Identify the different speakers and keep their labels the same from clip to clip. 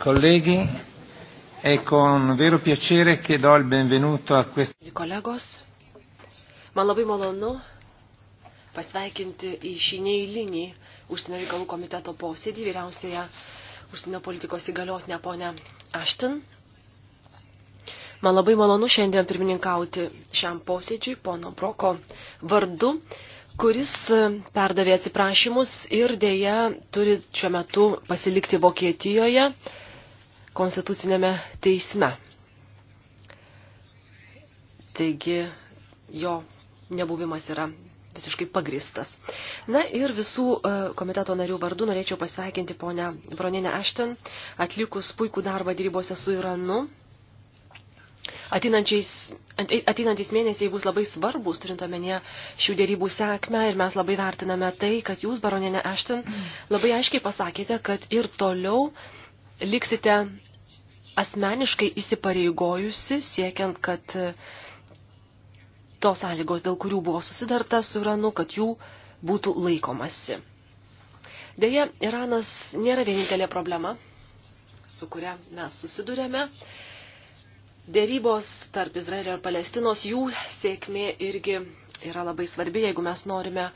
Speaker 1: colleghi, è con vero piacere che do il benvenuto a questo.
Speaker 2: Kolegos, man labai malonu pasveikinti į šį neįlinį užsienio reikalų komiteto posėdį vyriausiąją užsienio politikos įgaliotinę ponę Ashton. Man labai malonu šiandien pirmininkauti šiam posėdžiui pono Broko vardu kuris perdavė atsiprašymus ir dėja turi šiuo metu pasilikti Vokietijoje konstitucinėme teisme. Taigi jo nebuvimas yra visiškai pagristas. Na ir visų e, komiteto narių vardų norėčiau pasveikinti ponę Broninę Ashton, atlikus puikų darbą dėrybose su Iranu. Ateinantis mėnesiai bus labai svarbus, turint omenyje šių dėrybų sėkmę ir mes labai vertiname tai, kad jūs, baroninė Ashton, labai aiškiai pasakėte, kad ir toliau liksite asmeniškai įsipareigojusi, siekiant, kad e, tos sąlygos, dėl kurių buvo susidarta su Iranu, kad jų būtų laikomasi. Deja, Iranas nėra vienintelė problema, su kuria mes susidurėme. Dėrybos tarp Izraelio ir Palestinos, jų sėkmė irgi yra labai svarbi, jeigu mes norime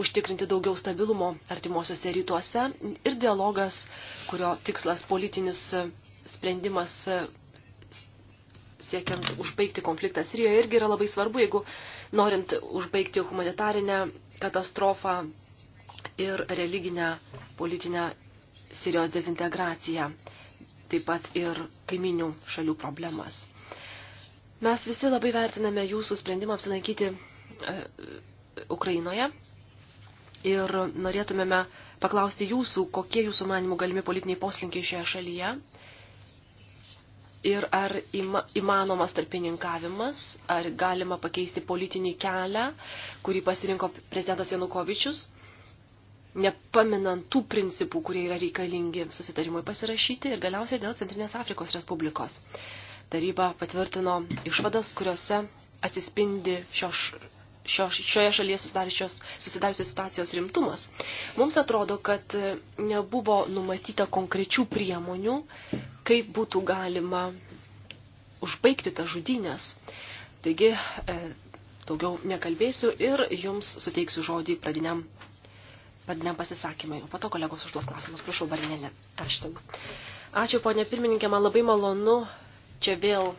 Speaker 2: užtikrinti daugiau stabilumo artimuosiuose rytuose ir dialogas, kurio tikslas politinis sprendimas e, siekiant užbaigti konfliktą Sirijoje irgi yra labai svarbu, jeigu norint užbaigti humanitarinę katastrofą ir religinę politinę Sirijos dezintegraciją, taip pat ir kaiminių šalių problemas. Mes visi labai vertiname jūsų sprendimą apsilankyti e, Ukrainoje ir norėtumėme paklausti jūsų, kokie jūsų manimų galimi politiniai poslinkiai šioje šalyje ir ar ima, įmanomas tarpininkavimas, ar galima pakeisti politinį kelią, kurį pasirinko prezidentas Janukovičius, nepaminant tų principų, kurie yra reikalingi susitarimui pasirašyti ir galiausiai dėl Centrinės Afrikos Respublikos. Taryba patvirtino išvadas, kuriuose atsispindi šios šio, šioje šalyje susidariusios situacijos rimtumas. Mums atrodo, kad nebuvo numatyta konkrečių priemonių, kaip būtų galima užbaigti tą žudynės. Taigi, e, daugiau nekalbėsiu ir jums suteiksiu žodį pradiniam, pradiniam pasisakymai. O po to kolegos užduos klausimus. Prašau, Barnelė. Aštin. Ačiū, ponė pirmininkė, man labai malonu čia vėl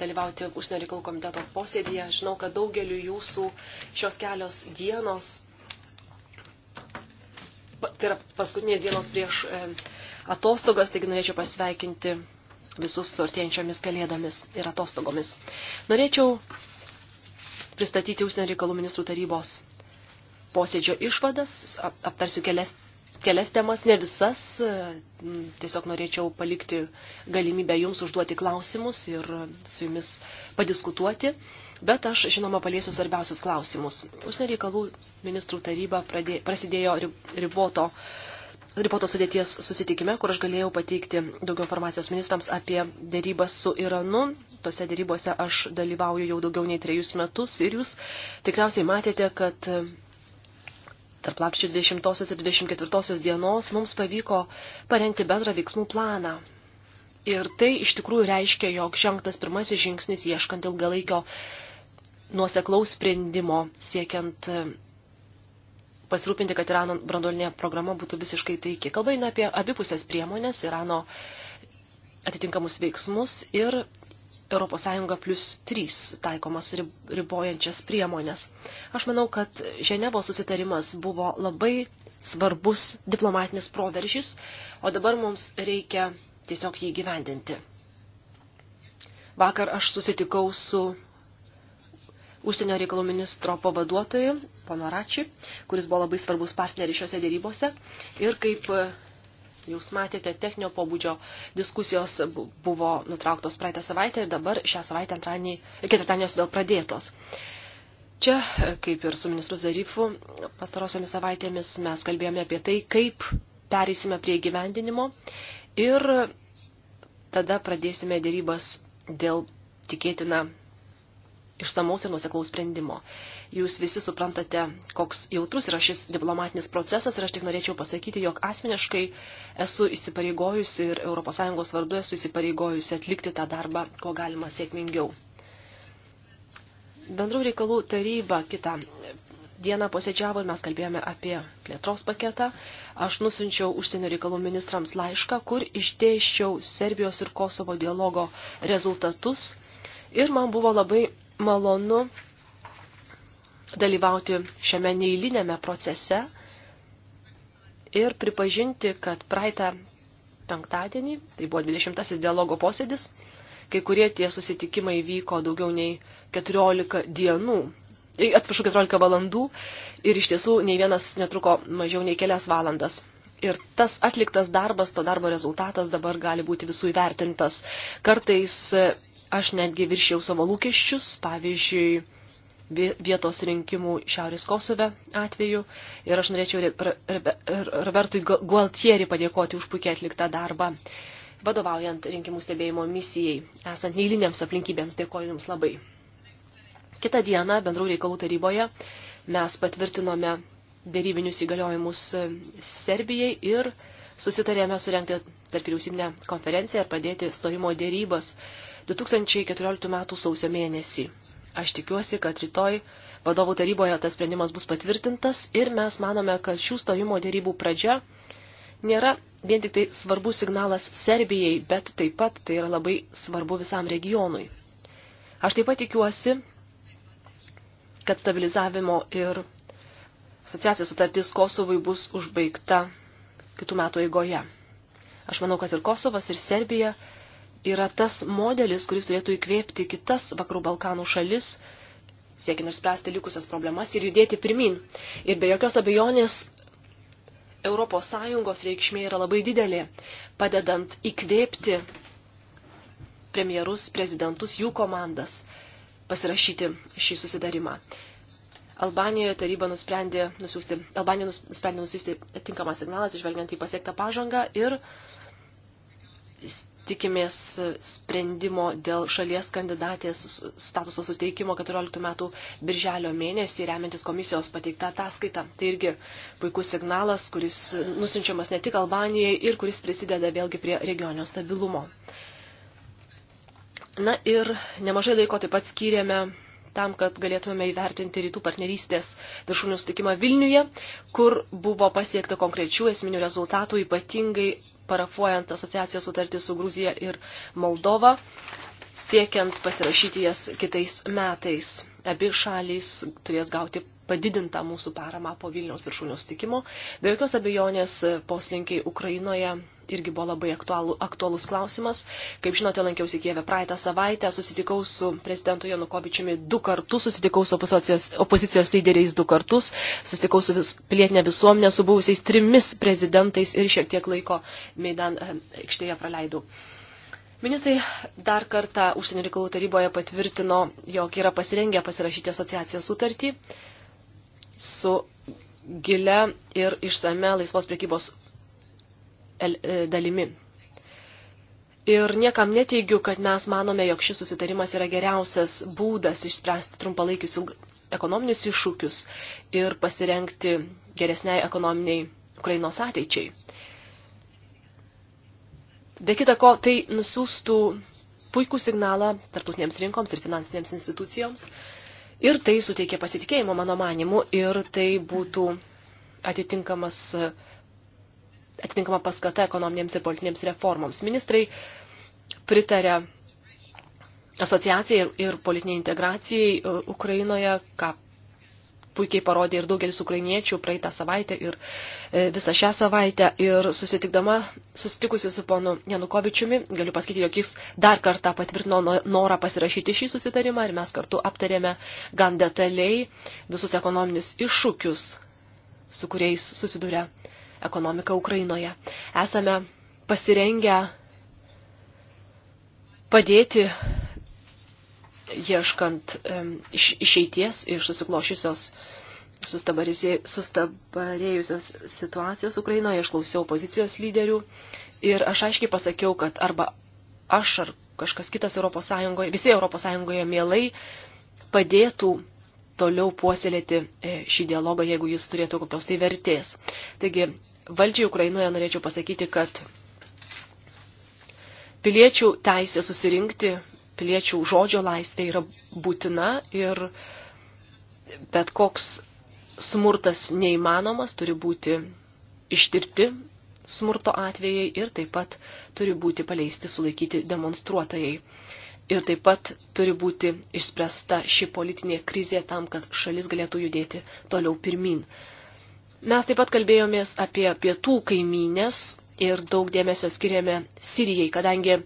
Speaker 2: dalyvauti užsienio reikalų komiteto posėdėje. Žinau, kad daugeliu jūsų šios kelios dienos, tai yra paskutinės dienos prieš e, atostogas, taigi norėčiau pasveikinti visus sortėjančiomis kalėdomis ir atostogomis. Norėčiau pristatyti užsienio reikalų ministrų tarybos posėdžio išvadas, aptarsiu kelias kelias temas, ne visas. Tiesiog norėčiau palikti galimybę jums užduoti klausimus ir su jumis padiskutuoti. Bet aš, žinoma, paliesiu svarbiausius klausimus. Užsienio reikalų ministrų taryba pradė, prasidėjo riboto, riboto sudėties susitikime, kur aš galėjau pateikti daugiau informacijos ministrams apie dėrybas su Iranu. Tose dėrybose aš dalyvauju jau daugiau nei trejus metus ir jūs tikriausiai matėte, kad Tarp lakščių 20 ir 24 dienos mums pavyko parengti bendrą veiksmų planą. Ir tai iš tikrųjų reiškia, jog žengtas pirmasis žingsnis ieškant ilgalaikio nuoseklaus sprendimo, siekiant e, pasirūpinti, kad Irano brandolinė programa būtų visiškai taiki. Kalba eina apie abipusės priemonės, Irano atitinkamus veiksmus ir ES plus 3 taikomas ribojančias priemonės. Aš manau, kad Ženevos susitarimas buvo labai svarbus diplomatinis proveržys, o dabar mums reikia tiesiog jį gyvendinti. Vakar aš susitikau su užsienio reikalų ministro pavaduotoju, pono Rači, kuris buvo labai svarbus partneris šiuose dėrybose. Ir kaip Jūs matėte, techninio pobūdžio diskusijos buvo nutrauktos praeitą savaitę ir dabar šią savaitę antradienį, ketvirtadienį jos vėl pradėtos. Čia, kaip ir su ministru Zarifu, pastarosiomis savaitėmis mes kalbėjome apie tai, kaip pereisime prie gyvendinimo ir tada pradėsime dėrybas dėl tikėtina išsamaus ir nuseklaus sprendimo. Jūs visi suprantate, koks jautrus yra šis diplomatinis procesas ir aš tik norėčiau pasakyti, jog asmeniškai esu įsipareigojusi ir ES vardu esu įsipareigojusi atlikti tą darbą, ko galima sėkmingiau. Bendrų reikalų taryba kitą dieną posėdžiavo ir mes kalbėjome apie plėtros paketą. Aš nusinčiau užsienio reikalų ministrams laišką, kur išdėščiau Serbijos ir Kosovo dialogo rezultatus. Ir man buvo labai malonu dalyvauti šiame neįlinėme procese ir pripažinti, kad praeitą penktadienį, tai buvo 20-asis dialogo posėdis, kai kurie tie susitikimai vyko daugiau nei 14 dienų, atsiprašau, 14 valandų ir iš tiesų nei vienas netruko mažiau nei kelias valandas. Ir tas atliktas darbas, to darbo rezultatas dabar gali būti visų įvertintas. Kartais aš netgi viršiau savo lūkesčius, pavyzdžiui, vietos rinkimų Šiaurės Kosove atveju. Ir aš norėčiau Robertui Gualtieri padėkoti už puikiai atliktą darbą, vadovaujant rinkimų stebėjimo misijai, esant neįliniams aplinkybėms. Dėkoju Jums labai. Kita diena bendrų reikalų taryboje mes patvirtinome dėrybinius įgaliojimus Serbijai ir susitarėme surenkti tarp vyriausybinę konferenciją ir pradėti stojimo dėrybas 2014 m. sausio mėnesį. Aš tikiuosi, kad rytoj vadovų taryboje tas sprendimas bus patvirtintas ir mes manome, kad šių stojimo dėrybų pradžia nėra vien tik tai svarbus signalas Serbijai, bet taip pat tai yra labai svarbu visam regionui. Aš taip pat tikiuosi, kad stabilizavimo ir asociacijos sutartis Kosovui bus užbaigta kitų metų eigoje. Aš manau, kad ir Kosovas, ir Serbija yra tas modelis, kuris turėtų įkvėpti kitas Vakarų Balkanų šalis, siekiant išspręsti likusias problemas ir judėti pirmin. Ir be jokios abejonės ES reikšmė yra labai didelė, padedant įkvėpti premjerus, prezidentus, jų komandas pasirašyti šį susidarimą. Albanijoje taryba nusprendė nusiųsti, Albanija nusprendė nusiųsti tinkamą signalą, išvelgiant į pasiektą pažangą ir tikimės sprendimo dėl šalies kandidatės statuso suteikimo 14 metų birželio mėnesį, remiantis komisijos pateiktą ataskaitą. Tai irgi puikus signalas, kuris nusinčiamas ne tik Albanijai ir kuris prisideda vėlgi prie regionio stabilumo. Na ir nemažai laiko taip pat skyrėme tam, kad galėtume įvertinti rytų partnerystės viršūnių sutikimą Vilniuje, kur buvo pasiekta konkrečių esminių rezultatų, ypatingai parafuojant asociacijos sutartį su Gruzija ir Moldova, siekiant pasirašyti jas kitais metais. Abi šalys turės gauti padidintą mūsų paramą po Vilniaus viršūnių sutikimo. Be jokios abejonės poslinkiai Ukrainoje irgi buvo labai aktualu, aktualus klausimas. Kaip žinote, lankiausi Kievę praeitą savaitę, susitikau su prezidentu Janukovičiumi du kartus, susitikau su opozicijos, opozicijos lyderiais du kartus, susitikau su vis, pilietinė visuomenė, su buvusiais trimis prezidentais ir šiek tiek laiko Meidan eh, aikštėje praleidau. Ministrai dar kartą užsienio reikalų taryboje patvirtino, jog yra pasirengę pasirašyti asociacijos sutartį su gilia ir išsame laisvos priekybos e, dalimi. Ir niekam neteigiu, kad mes manome, jog šis susitarimas yra geriausias būdas išspręsti trumpalaikius ekonominius iššūkius ir pasirengti geresniai ekonominiai Ukrainos ateičiai. Be kita ko, tai nusiųstų puikų signalą tarptautinėms rinkoms ir finansinėms institucijoms, Ir tai suteikia pasitikėjimo mano manimu ir tai būtų atitinkamas, atitinkama paskata ekonominėms ir politinėms reformoms. Ministrai pritarė asociacijai ir, ir politiniai integracijai e, Ukrainoje, ką puikiai parodė ir daugelis ukrainiečių praeitą savaitę ir e, visą šią savaitę. Ir susitikdama, susitikusi su ponu Janukovičiumi, galiu pasakyti, jog jis dar kartą patvirtino norą pasirašyti šį susitarimą ir mes kartu aptarėme gan detaliai visus ekonominius iššūkius, su kuriais susiduria ekonomika Ukrainoje. Esame pasirengę padėti ieškant iš, išeities iš susiklošiusios sustabarėjusios situacijos Ukrainoje, aš klausiau opozicijos lyderių ir aš aiškiai pasakiau, kad arba aš ar kažkas kitas Europos Sąjungoje, visi Europos Sąjungoje mielai padėtų toliau puoselėti e, šį dialogą, jeigu jis turėtų kokios tai vertės. Taigi, valdžiai Ukrainoje norėčiau pasakyti, kad piliečių teisė susirinkti piliečių žodžio laisvė yra būtina ir bet koks smurtas neįmanomas, turi būti ištirti smurto atvejai ir taip pat turi būti paleisti sulaikyti demonstruotojai. Ir taip pat turi būti išspręsta ši politinė krizė tam, kad šalis galėtų judėti toliau pirmin. Mes taip pat kalbėjomės apie pietų kaimynės ir daug dėmesio skiriame Sirijai, kadangi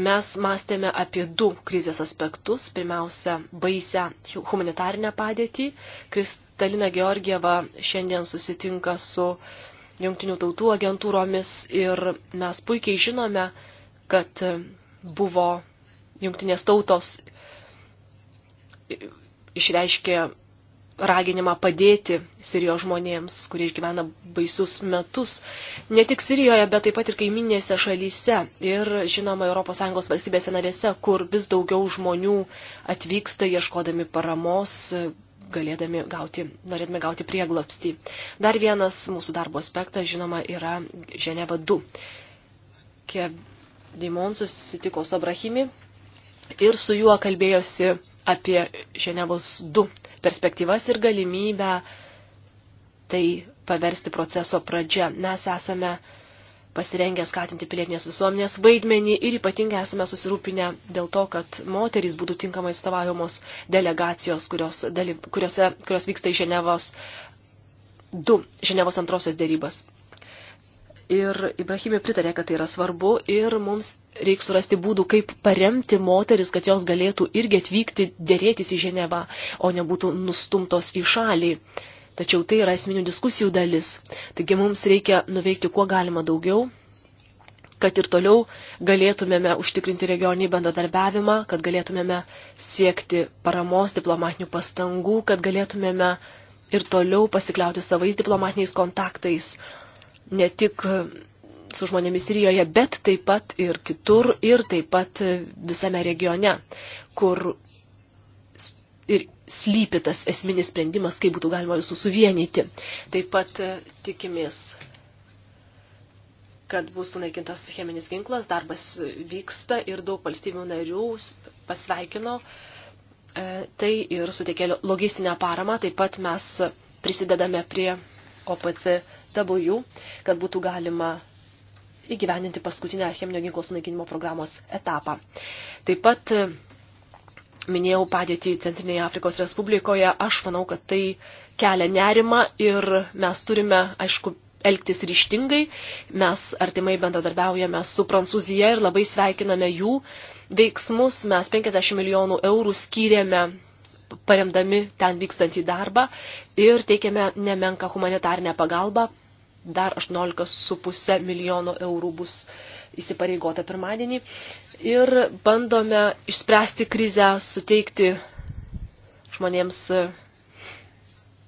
Speaker 2: Mes mąstėme apie du krizės aspektus. Pirmiausia, baisę humanitarinę padėtį. Kristalina Georgieva šiandien susitinka su jungtinių tautų agentūromis ir mes puikiai žinome, kad buvo jungtinės tautos išreiškė raginimą padėti Sirijos žmonėms, kurie išgyvena baisius metus, ne tik Sirijoje, bet taip pat ir kaiminėse šalyse ir, žinoma, ES valstybėse narėse, kur vis daugiau žmonių atvyksta ieškodami paramos, galėdami gauti, norėdami gauti prieglapstį. Dar vienas mūsų darbo aspektas, žinoma, yra Ženeva 2. Kedimon susitiko su Abrahimi ir su juo kalbėjosi apie Ženevos 2 perspektyvas ir galimybę tai paversti proceso pradžia. Mes esame pasirengę skatinti pilietinės visuomenės vaidmenį ir ypatingai esame susirūpinę dėl to, kad moterys būtų tinkamai atstovaujamos delegacijos, kurios, daly, kuriuose, kurios vyksta į Ženevos 2, Ženevos antrosios dėrybas ir Ibrahimė pritarė, kad tai yra svarbu ir mums reikia surasti būdų, kaip paremti moteris, kad jos galėtų irgi atvykti dėrėtis į Ženevą, o nebūtų nustumtos į šalį. Tačiau tai yra esminių diskusijų dalis. Taigi mums reikia nuveikti kuo galima daugiau, kad ir toliau galėtumėme užtikrinti regioninį bendradarbiavimą, kad galėtumėme siekti paramos diplomatinių pastangų, kad galėtumėme ir toliau pasikliauti savais diplomatiniais kontaktais ne tik su žmonėmis Sirijoje, bet taip pat ir kitur ir taip pat visame regione, kur ir slypi tas esminis sprendimas, kaip būtų galima visus suvienyti. Taip pat e, tikimės, kad bus sunaikintas cheminis ginklas, darbas vyksta ir daug valstybių narių pasveikino e, tai ir suteikė logistinę paramą. Taip pat mes prisidedame prie OPC W, kad būtų galima įgyveninti paskutinę cheminio ginklo sunaikinimo programos etapą. Taip pat e, minėjau padėtį Centrinėje Afrikos Respublikoje, aš manau, kad tai kelia nerima ir mes turime, aišku, elgtis ryštingai. Mes artimai bendradarbiaujame su Prancūzija ir labai sveikiname jų veiksmus. Mes 50 milijonų eurų skyrėme paremdami ten vykstantį darbą ir teikėme nemenką humanitarinę pagalbą dar 18,5 milijono eurų bus įsipareigota pirmadienį. Ir bandome išspręsti krizę, suteikti žmonėms e,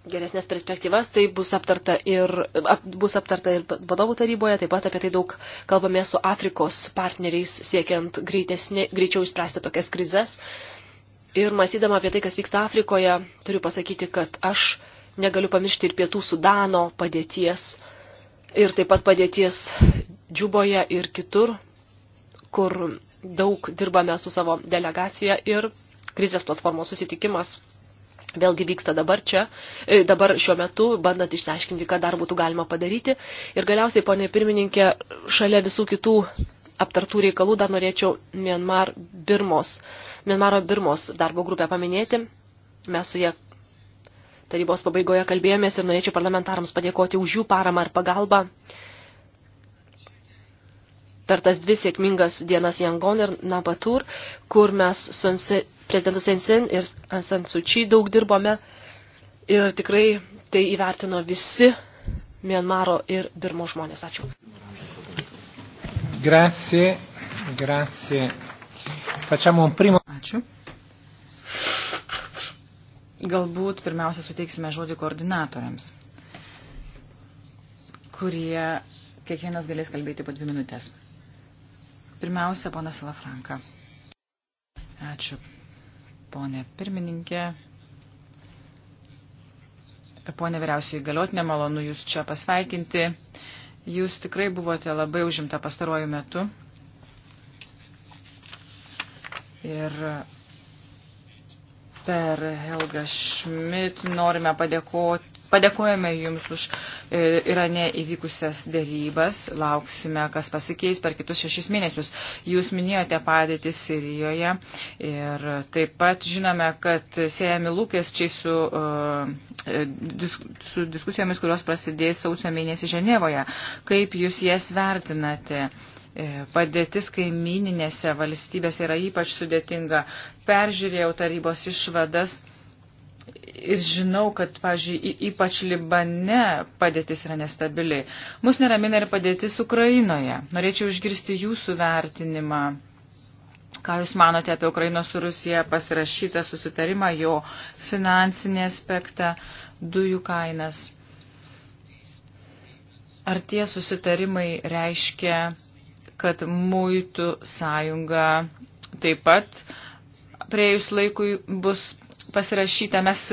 Speaker 2: geresnės perspektyvas, tai bus aptarta ir, ap, bus aptarta ir vadovų taryboje, taip pat apie tai daug kalbame su Afrikos partneriais, siekiant greitesnė, greičiau išspręsti tokias krizes. Ir masydama apie tai, kas vyksta Afrikoje, turiu pasakyti, kad aš negaliu pamiršti ir pietų Sudano padėties, ir taip pat padėties džiuboje ir kitur, kur daug dirbame su savo delegacija ir krizės platformos susitikimas vėlgi vyksta dabar čia, e, dabar šiuo metu, bandant išsiaiškinti, ką dar būtų galima padaryti. Ir galiausiai, ponė pirmininkė, šalia visų kitų aptartų reikalų dar norėčiau Mianmar Birmos, Mianmaro Birmos darbo grupę paminėti. Mes su jie tarybos pabaigoje kalbėjomės ir norėčiau parlamentarams padėkoti už jų paramą ir pagalbą. Per tas dvi sėkmingas dienas Jangon ir Nabatur, kur mes su prezidentu Sensin ir Ansan Suči daug dirbome ir tikrai tai įvertino visi Mianmaro ir Birmo žmonės. Ačiū.
Speaker 1: Grazie, grazie. Facciamo un primo... Ačiū. Galbūt pirmiausia suteiksime žodį koordinatoriams, kurie kiekvienas galės kalbėti po dvi minutės. Pirmiausia, ponas Lafranka. Ačiū, ponė pirmininkė. Pone vyriausiai galiotinė, malonu Jūs čia pasveikinti. Jūs tikrai buvote labai užimta pastaruoju metu. Ir per Helga Schmidt. Norime padėkoti. Padėkojame Jums už Irane e, įvykusias dėrybas, lauksime, kas pasikeis per kitus šešis mėnesius. Jūs minėjote padėtį Sirijoje ir taip pat žinome, kad siejami lūkesčiai su, e, e, su diskusijomis, kurios prasidės sausio mėnesį Ženevoje. Kaip Jūs jas vertinate? E, padėtis kaimininėse valstybėse yra ypač sudėtinga. Peržiūrėjau tarybos išvadas ir žinau, kad, pažiūrėjau, ypač Libane padėtis yra nestabili. Mus neramina ir padėtis Ukrainoje. Norėčiau išgirsti jūsų vertinimą. Ką Jūs manote apie Ukrainos su Rusija pasirašytą susitarimą, jo finansinį aspektą, dujų kainas? Ar tie susitarimai reiškia kad muitų sąjunga taip pat prieėjus laikui bus pasirašyta. Mes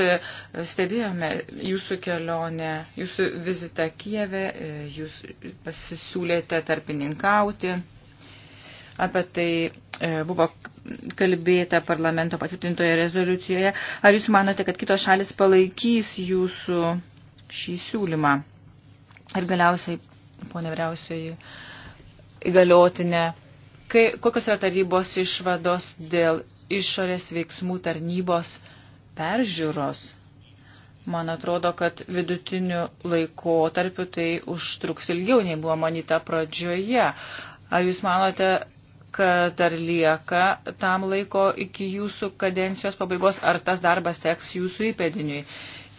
Speaker 1: stebėjome jūsų kelionę, jūsų vizitą Kijeve, jūs pasisiūlėte tarpininkauti. Apie tai e, buvo kalbėta parlamento patvirtintoje rezoliucijoje. Ar jūs manote, kad kitos šalis palaikys jūsų šį siūlymą? Ir galiausiai, ponė vyriausiai, uh, įgaliotinę. Kai, kokios yra tarybos išvados dėl išorės veiksmų tarnybos peržiūros? Man atrodo, kad vidutiniu laikotarpiu tai užtruks ilgiau nei buvo manyta pradžioje. Ar jūs manote, kad ar lieka tam laiko iki jūsų kadencijos pabaigos, ar tas darbas teks jūsų įpėdiniui?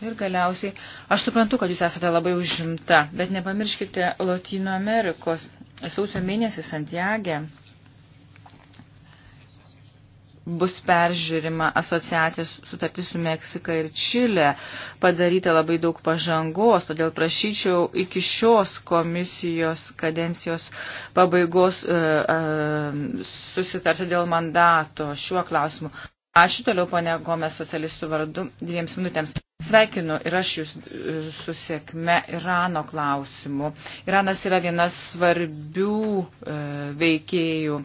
Speaker 1: Ir galiausiai, aš suprantu, kad jūs esate labai užimta, bet nepamirškite Latino Amerikos. Sausio mėnesį Santiagė bus peržiūrima asociacijos sutartis su Meksika ir Čilė. Padaryta labai daug pažangos, todėl prašyčiau iki šios komisijos kadencijos pabaigos uh, uh, susitarti dėl mandato šiuo klausimu. Ačiū toliau, ponė Gomes, socialistų vardu, dviems minutėms. Sveikinu ir aš jūs e, susiekme Irano klausimu. Iranas yra vienas svarbių e, veikėjų e,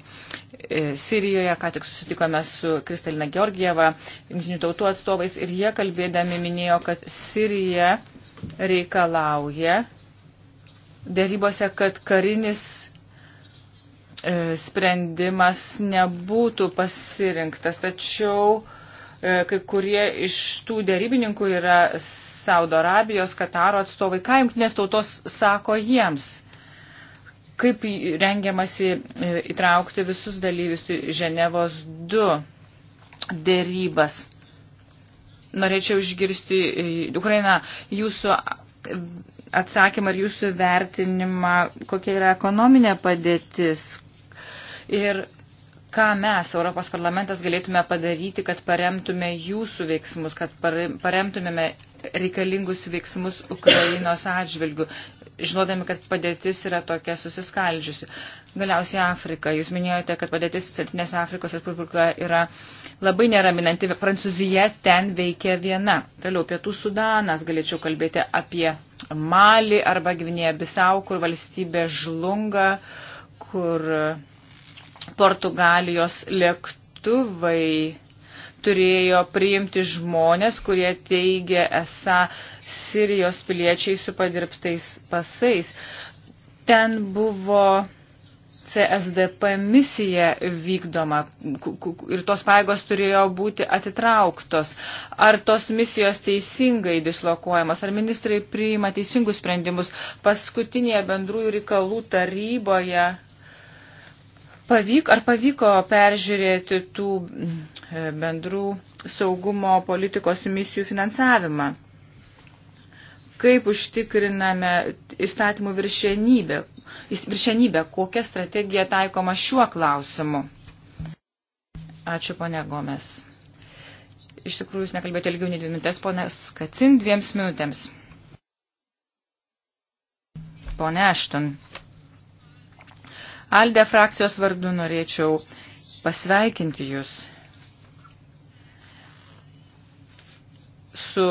Speaker 1: Sirijoje, ką tik susitikome su Kristalina Georgieva, jungtinių tautų atstovais ir jie kalbėdami minėjo, kad Sirija reikalauja dėrybose, kad karinis E, sprendimas nebūtų pasirinktas, tačiau e, kai kurie iš tų dėrybininkų yra Saudo Arabijos, Kataro atstovai. Ką jungtinės tautos sako jiems? Kaip rengiamasi e, įtraukti visus dalyvius į Ženevos 2 dėrybas? Norėčiau išgirsti, Ukraina, jūsų atsakymą ir jūsų vertinimą, kokia yra ekonominė padėtis, ir ką mes, Europos parlamentas, galėtume padaryti, kad paremtume jūsų veiksmus, kad paremtumėme reikalingus veiksmus Ukrainos atžvilgių, žinodami, kad padėtis yra tokia susiskaldžiusi. Galiausiai Afrika. Jūs minėjote, kad padėtis Centrinės Afrikos Respublikoje yra labai neraminanti. Prancūzija ten veikia viena. Toliau Pietų Sudanas galėčiau kalbėti apie Mali arba Gvinėje Bisau, kur valstybė žlunga, kur Portugalijos lėktuvai turėjo priimti žmonės, kurie teigia esą Sirijos piliečiai su padirbtais pasais. Ten buvo CSDP misija vykdoma ir tos paėgos turėjo būti atitrauktos. Ar tos misijos teisingai dislokuojamos, ar ministrai priima teisingus sprendimus. Paskutinėje bendrųjų reikalų taryboje Pavyk, ar pavyko peržiūrėti tų mm, bendrų saugumo politikos misijų finansavimą? Kaip užtikriname įstatymų viršenybę, viršenybę kokia strategija taikoma šiuo klausimu? Ačiū, ponė Gomes. Iš tikrųjų, jūs nekalbėjote ilgiau nei dvi minutės, ponė Skacin, dviems minutėms. Pone Ešton. Alde frakcijos vardu norėčiau pasveikinti Jūs su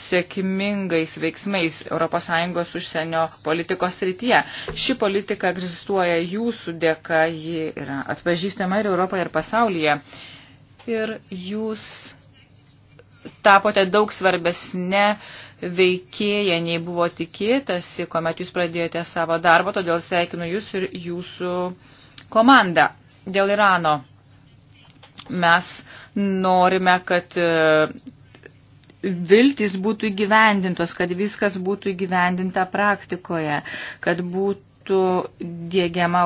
Speaker 1: sėkmingais veiksmais ES užsienio politikos srityje. Ši politika egzistuoja jūsų dėka, ji yra atpažįstama ir Europoje, ir pasaulyje. Ir jūs tapote daug svarbesne veikėja, nei buvo tikėtasi, kuomet jūs pradėjote savo darbą, todėl sveikinu jūs ir jūsų komandą dėl Irano. Mes norime, kad e, viltis būtų įgyvendintos, kad viskas būtų įgyvendinta praktikoje, kad būtų būtų dėgiama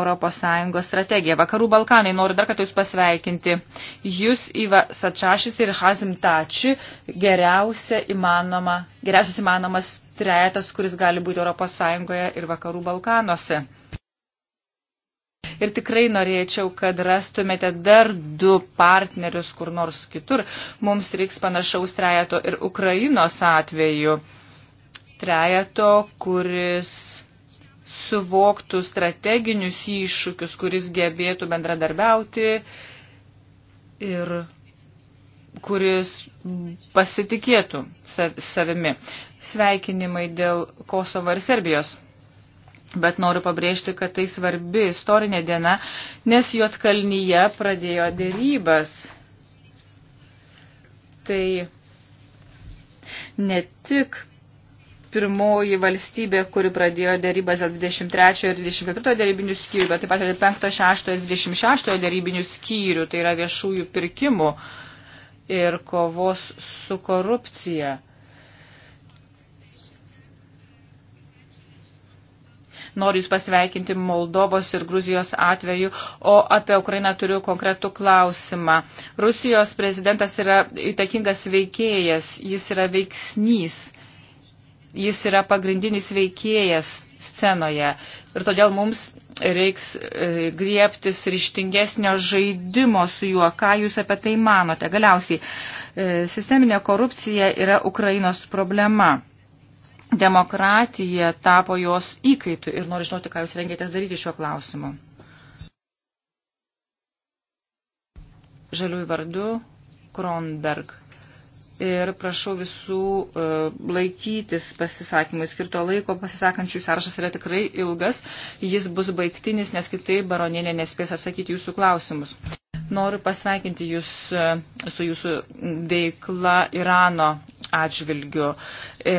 Speaker 1: ES strategija. Vakarų Balkanai, noriu dar kartą Jūs pasveikinti. Jūs, Iva Sačašis ir Hazim Tači, geriausia įmanoma, geriausias įmanomas trejetas, kuris gali būti ES ir Vakarų Balkanuose. Ir tikrai norėčiau, kad rastumėte dar du partnerius kur nors kitur. Mums reiks panašaus trejeto ir Ukrainos atveju. Trejeto, kuris suvoktų strateginius iššūkius, kuris gebėtų bendradarbiauti ir kuris pasitikėtų savimi. Sveikinimai dėl Kosovo ir Serbijos. Bet noriu pabrėžti, kad tai svarbi istorinė diena, nes Jotkalnyje pradėjo dėrybas. Tai ne tik pirmoji valstybė, kuri pradėjo dėrybas dėl 23 ir 24 dėrybinių skyrių, bet taip pat ir 5, 6 ir 26 dėrybinių skyrių, tai yra viešųjų pirkimų ir kovos su korupcija. Noriu Jūs pasveikinti Moldovos ir Gruzijos atveju, o apie Ukrainą turiu konkretų klausimą. Rusijos prezidentas yra įtakingas veikėjas, jis yra veiksnys jis yra pagrindinis veikėjas scenoje. Ir todėl mums reiks e, griebtis ryštingesnio žaidimo su juo. Ką jūs apie tai manote? Galiausiai, e, sisteminė korupcija yra Ukrainos problema. Demokratija tapo jos įkaitų ir noriu žinoti, ką jūs rengėtės daryti šiuo klausimu. Žaliųjų vardu Kronberg ir prašau visų e, laikytis pasisakymui skirto laiko. Pasisakančių sąrašas yra tikrai ilgas, jis bus baigtinis, nes kitaip tai baronienė nespės atsakyti jūsų klausimus. Noriu pasveikinti jūs e, su jūsų veikla Irano atžvilgiu. E,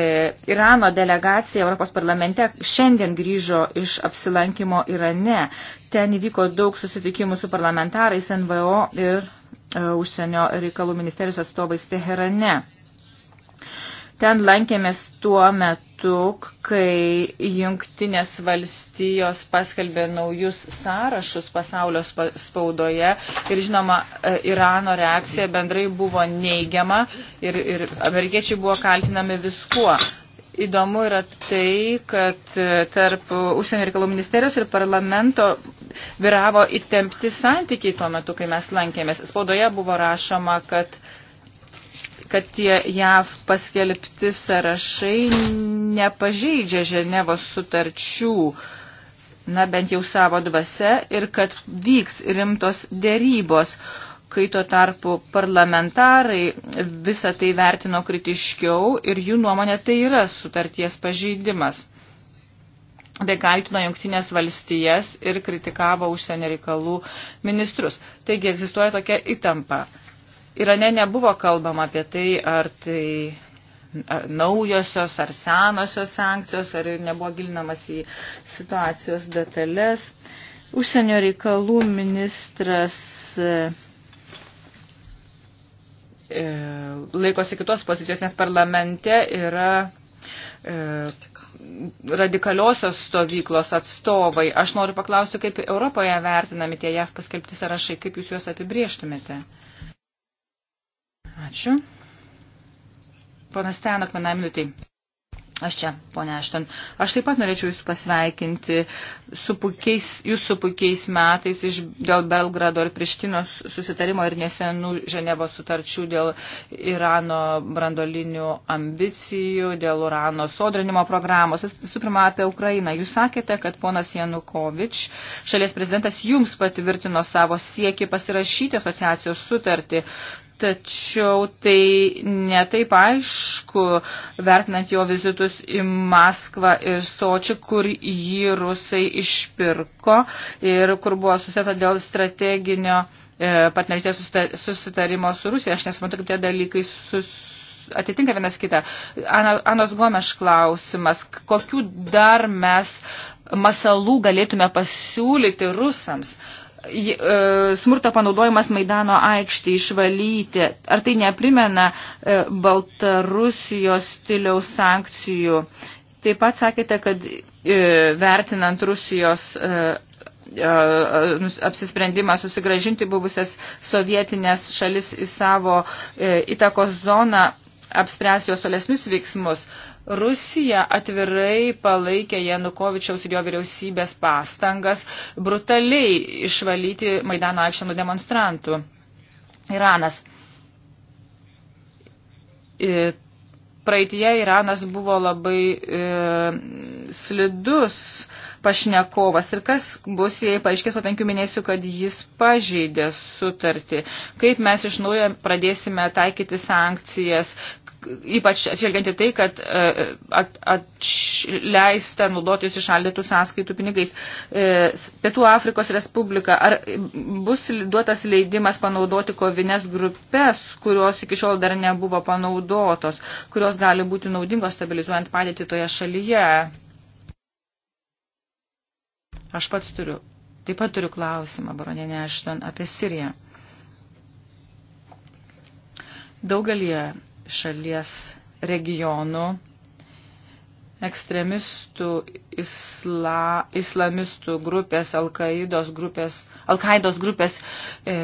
Speaker 1: Irano delegacija Europos parlamente šiandien grįžo iš apsilankimo Irane. Ten įvyko daug susitikimų su parlamentarais, NVO ir E, užsienio reikalų ministerijos atstovais Teherane. Ten lankėmės tuo metu, kai jungtinės valstijos paskelbė naujus sąrašus pasaulio spaudoje ir žinoma, e, Irano reakcija bendrai buvo neigiama ir, ir amerikiečiai buvo kaltinami viskuo. Įdomu yra tai, kad e, tarp užsienio reikalų ministerijos ir parlamento viravo įtempti santykiai tuo metu, kai mes lankėmės. Spaudoje buvo rašoma, kad kad tie JAV paskelbti sąrašai nepažeidžia Ženevos sutarčių, na bent jau savo dvasia, ir kad vyks rimtos dėrybos. Uh, kai tuo tarpu parlamentarai visą tai vertino kritiškiau ir jų nuomonė tai yra sutarties pažeidimas. Bei kaltino jungtinės valstijas ir kritikavo užsienio reikalų ministrus. Taigi egzistuoja tokia įtampa. Irane nebuvo kalbama apie tai, ar tai ar naujosios ar senosios sankcijos, ar nebuvo gilinamas į situacijos detalės. Užsienio reikalų ministras E, laikosi kitos pozicijos, nes parlamente yra e, radikaliosios stovyklos atstovai. Aš noriu paklausti, kaip Europoje vertinami tie JAV paskelbti sąrašai, kaip jūs juos apibrieštumėte. Ačiū. Panas Tenok, vieną minutį. Aš čia, ponia Ašton. Aš taip pat norėčiau Jūs pasveikinti su pukiais, Jūs su puikiais metais iš, dėl Belgrado ir Prištinos susitarimo ir nesenų Ženevos sutarčių dėl Irano brandolinių ambicijų, dėl Urano sodrinimo programos. Visų pirma, apie Ukrainą. Jūs sakėte, kad ponas Janukovič, šalies prezidentas, Jums patvirtino savo siekį pasirašyti asociacijos sutartį. Tačiau tai netaip aišku, vertinant jo vizitus į Maskvą ir Sočį, kur jį rusai išpirko ir kur buvo susėta dėl strateginio e, partnerystės susitarimo su Rusija. Aš nesuprantu, kaip tie dalykai sus atitinka vienas kitą. Anos Gomeš klausimas, kokių dar mes masalų galėtume pasiūlyti rusams? Uh, E, smurto panaudojimas Maidano aikštį išvalyti, ar tai neprimena e, Baltarusijos stiliaus sankcijų? Taip pat sakėte, kad e, vertinant Rusijos apsisprendimą susigražinti buvusias sovietinės šalis į savo įtakos zoną, apspręs jos tolesnius veiksmus. Rusija atvirai palaikė Janukovičiaus ir jo vyriausybės pastangas brutaliai išvalyti Maidano aikštę nuo demonstrantų. Iranas. E, praeitie Iranas buvo labai e, slidus pašnekovas ir kas bus, jei paaiškės po penkių mėnesių, kad jis pažeidė sutartį, kaip mes iš naujo pradėsime taikyti sankcijas, ypač atšvelgiant į tai, kad e, at, atleista naudotis išaldytų sąskaitų pinigais. E, Pietų Afrikos Respublika, ar bus duotas leidimas panaudoti kovinės grupės, kurios iki šiol dar nebuvo panaudotos, kurios gali būti naudingos stabilizuojant padėtį toje šalyje? Aš pats turiu, taip pat turiu klausimą, baronė Nešton, apie Siriją. Daugelie šalies regionų ekstremistų, isla, islamistų grupės, Al-Qaidos grupės, Al grupės e,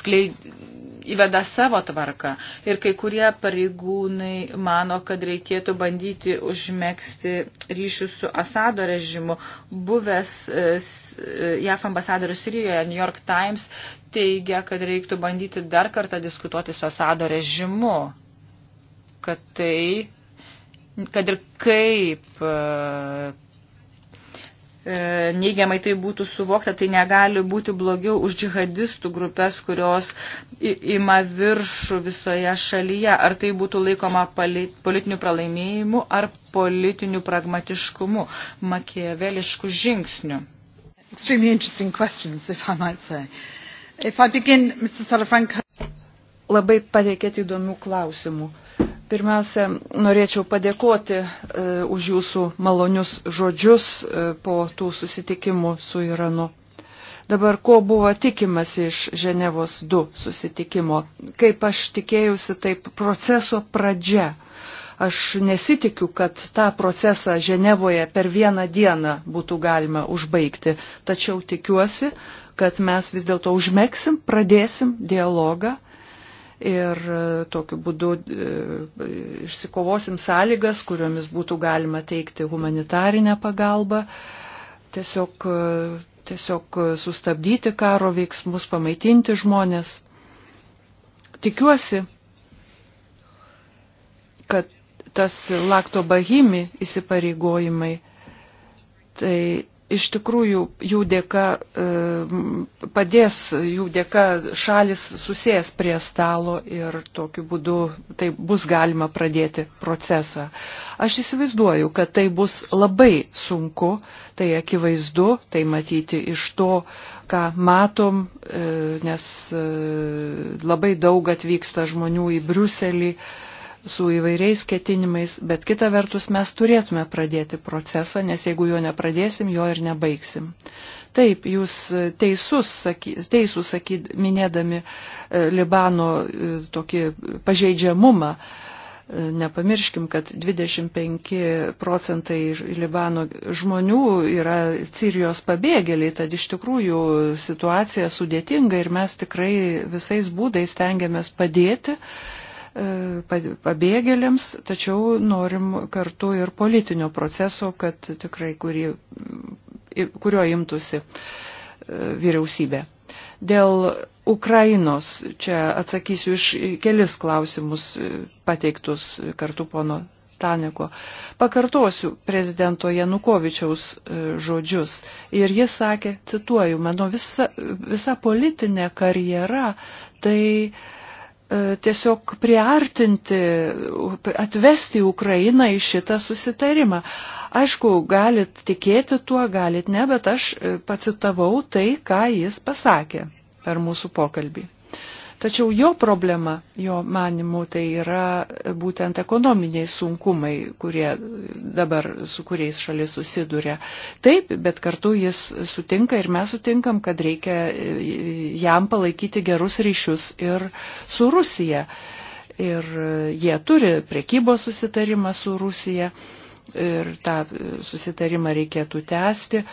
Speaker 1: skleid, įveda savo tvarką. Ir kai kurie pareigūnai mano, kad reikėtų bandyti užmėgsti ryšius su Asado režimu. Buvęs e, e, JAF ambasadorius Sirijoje, New York Times, teigia, kad reiktų bandyti dar kartą diskutuoti su Asado režimu. Kad tai, kad ir kaip e, E, neigiamai tai būtų suvokta, tai negali būti blogiau už džihadistų grupės, kurios ima viršų visoje šalyje. Ar tai būtų laikoma politiniu pralaimėjimu ar politiniu pragmatiškumu, makiavelišku žingsniu? Begin,
Speaker 3: Labai pateikėte įdomių klausimų. Pirmiausia, norėčiau padėkoti e, už jūsų malonius žodžius e, po tų susitikimų su Iranu. Dabar, ko buvo tikimas iš Ženevos 2 susitikimo? Kaip aš tikėjusi, taip proceso pradžia. Aš nesitikiu, kad tą procesą Ženevoje per vieną dieną būtų galima užbaigti, tačiau tikiuosi, kad mes vis dėlto užmėgsim, pradėsim dialogą ir e, tokiu būdu e, išsikovosim sąlygas, kuriomis būtų galima teikti humanitarinę pagalbą, tiesiog, e, tiesiog sustabdyti karo veiksmus, pamaitinti žmonės. Tikiuosi, kad tas lakto bahimi įsipareigojimai, tai iš tikrųjų jų dėka e, padės, jų dėka šalis susės prie stalo ir tokiu būdu tai bus galima pradėti procesą. Aš įsivaizduoju, kad tai bus labai sunku, tai akivaizdu, tai matyti iš to, ką matom, e, nes e, labai daug atvyksta žmonių į Briuselį su įvairiais ketinimais, bet kita vertus mes turėtume pradėti procesą, nes jeigu jo nepradėsim, jo ir nebaigsim. Taip, jūs teisus, saky, teisus saky, minėdami e, Libano e, tokį pažeidžiamumą. E, nepamirškim, kad 25 procentai Libano žmonių yra Sirijos pabėgėliai, tad iš tikrųjų situacija sudėtinga ir mes tikrai visais būdais tengiamės padėti E, pabėgėliams, tačiau norim kartu ir politinio proceso, kad tikrai kurį, kurio imtųsi e, vyriausybė. Dėl Ukrainos čia atsakysiu iš kelis klausimus e, pateiktus kartu pono Taniko. Pakartosiu prezidento Janukovičiaus žodžius. Ir jis sakė, cituoju, mano visa, visa politinė karjera tai uh, E, tiesiog priartinti, atvesti Ukrainą į šitą susitarimą. Aišku, galit tikėti tuo, galit ne, bet aš e, pacitavau tai, ką jis pasakė per mūsų pokalbį. Tačiau jo problema, jo manimu, tai yra būtent ekonominiai sunkumai, kurie dabar su kuriais šalis susiduria. Taip, bet kartu jis sutinka ir mes sutinkam, kad reikia e, jam palaikyti gerus ryšius ir su Rusija. Ir jie turi prekybos susitarimą su Rusija ir tą susitarimą reikėtų tęsti.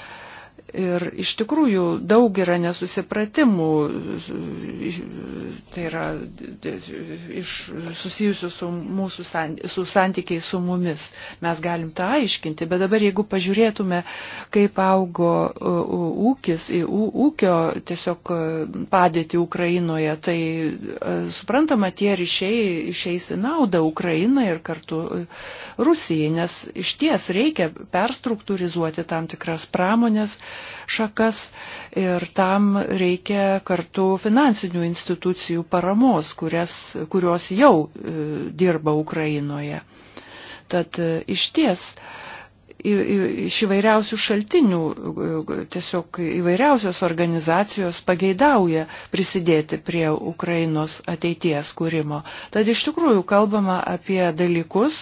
Speaker 3: Ir iš tikrųjų daug yra nesusipratimų, tai yra iš, susijusių su mūsų su santykiai su mumis. Mes galim tą aiškinti, bet dabar jeigu pažiūrėtume, kaip augo ūkis, ūkio tiesiog e, padėti Ukrainoje, tai e, suprantama, tie ryšiai išeis į naudą Ukrainai ir kartu e, Rusijai, nes iš ties reikia perstruktūrizuoti tam tikras pramonės, šakas ir tam reikia kartu finansinių institucijų paramos, kurias, kurios jau e, dirba Ukrainoje. Tad e, iš ties iš įvairiausių šaltinių, tiesiog įvairiausios organizacijos pageidauja prisidėti prie Ukrainos ateities kūrimo. Tad iš tikrųjų kalbama apie dalykus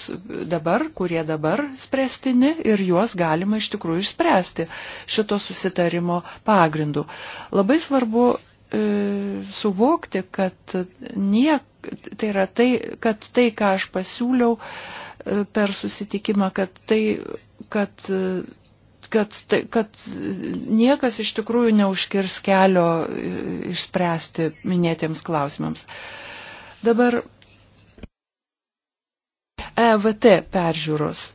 Speaker 3: dabar, kurie dabar spręstini ir juos galima iš tikrųjų išspręsti šito susitarimo pagrindu. Labai svarbu e, suvokti, kad nie, tai yra tai, kad tai, ką aš pasiūliau e, per susitikimą, kad tai kad, kad, tai, kad niekas iš tikrųjų neužkirs kelio išspręsti minėtiems klausimams. Dabar EVT peržiūros.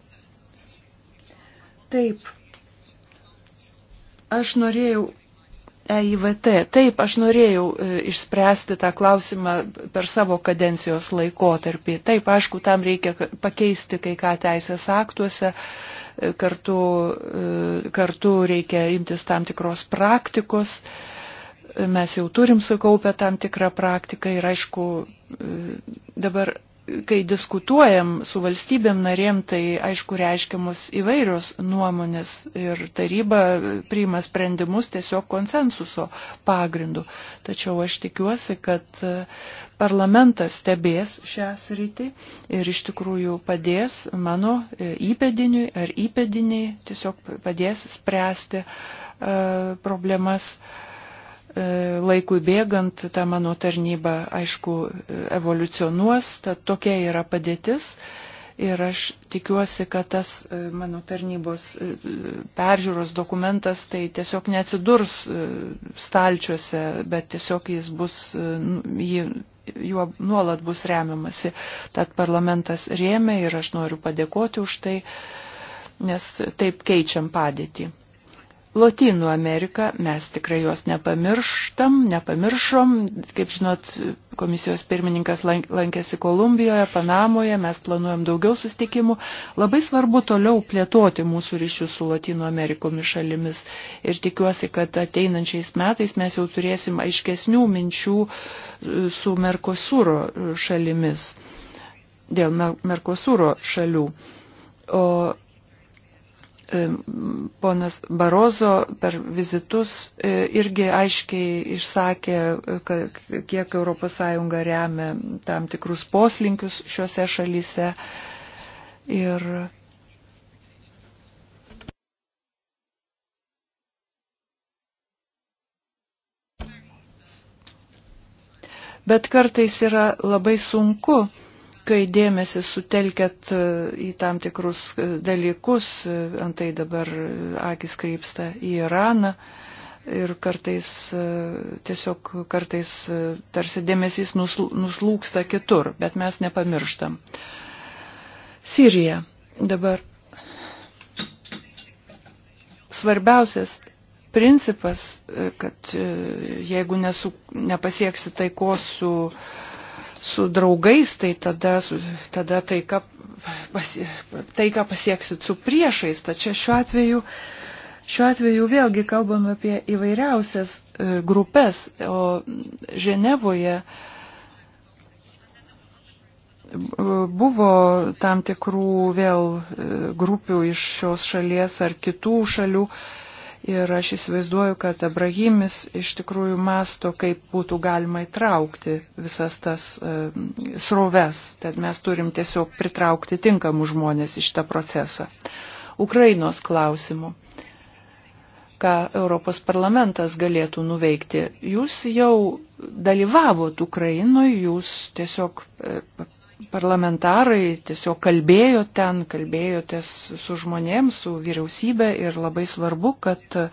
Speaker 3: Taip, aš norėjau EIVT. Taip, aš norėjau e, išspręsti tą klausimą per savo kadencijos laikotarpį. Taip, aišku, tam reikia pakeisti kai ką teisės aktuose, e, kartu, e, kartu reikia imtis tam tikros praktikos. Mes jau turim sukaupę tam tikrą praktiką ir aišku, dabar kai diskutuojam su valstybėm narėm, tai aišku reiškiamos įvairios nuomonės ir taryba priima sprendimus tiesiog konsensuso pagrindu. Tačiau aš tikiuosi, kad e, parlamentas stebės šią sritį ir iš tikrųjų padės mano e, įpėdiniui ar įpėdiniai tiesiog padės spręsti e, problemas. Uh, E, laikui bėgant ta mano tarnyba, aišku, e, evoliucionuos, tad tokia yra padėtis. Ir aš tikiuosi, kad tas e, mano tarnybos peržiūros dokumentas tai tiesiog neatsidurs stalčiuose, bet tiesiog jis bus, nu, jį, juo nuolat bus remiamasi. Tad parlamentas rėmė ir aš noriu padėkoti už tai, nes taip keičiam padėtį. Lotynų Ameriką mes tikrai juos nepamirštam, nepamiršom. Kaip žinot, komisijos pirmininkas lankėsi Kolumbijoje, Panamoje, mes planuojam daugiau sustikimų. Labai svarbu toliau plėtoti mūsų ryšius su Lotynų Amerikomis šalimis ir tikiuosi, kad ateinančiais metais mes jau turėsim aiškesnių minčių e, su Merkosūro šalimis, dėl Merkosūro šalių. O E, ponas Barozo per vizitus e, irgi aiškiai išsakė, e, kiek ES remia tam tikrus poslinkius šiuose šalyse. Ir Bet kartais yra labai sunku kai dėmesį sutelkėt e, į tam tikrus e, dalykus, e, antai dabar akis krypsta į Iraną ir kartais tiesiog kartais tarsi dėmesys nuslūksta kitur, bet mes nepamirštam. Sirija dabar. Svarbiausias principas, kad jeigu nesu, nepasieksi taikos su uh, su draugais, tai tada, su, tada taika, pasie, taika pasieksit su priešais. Tačiau šiuo atveju, šiuo atveju vėlgi kalbam apie įvairiausias e, grupės, o Ženevoje e, buvo tam tikrų vėl e, grupių iš šios šalies ar kitų šalių Ir aš įsivaizduoju, kad Abrahimis iš tikrųjų masto, kaip būtų galima įtraukti visas tas uh, sroves. Tad mes turim tiesiog pritraukti tinkamų žmonės į šitą procesą. Ukrainos klausimų. Ką Europos parlamentas galėtų nuveikti? Jūs jau dalyvavot Ukrainoje, jūs tiesiog e, parlamentarai tiesiog kalbėjo ten, kalbėjotės su žmonėms, su vyriausybė ir labai svarbu, kad e,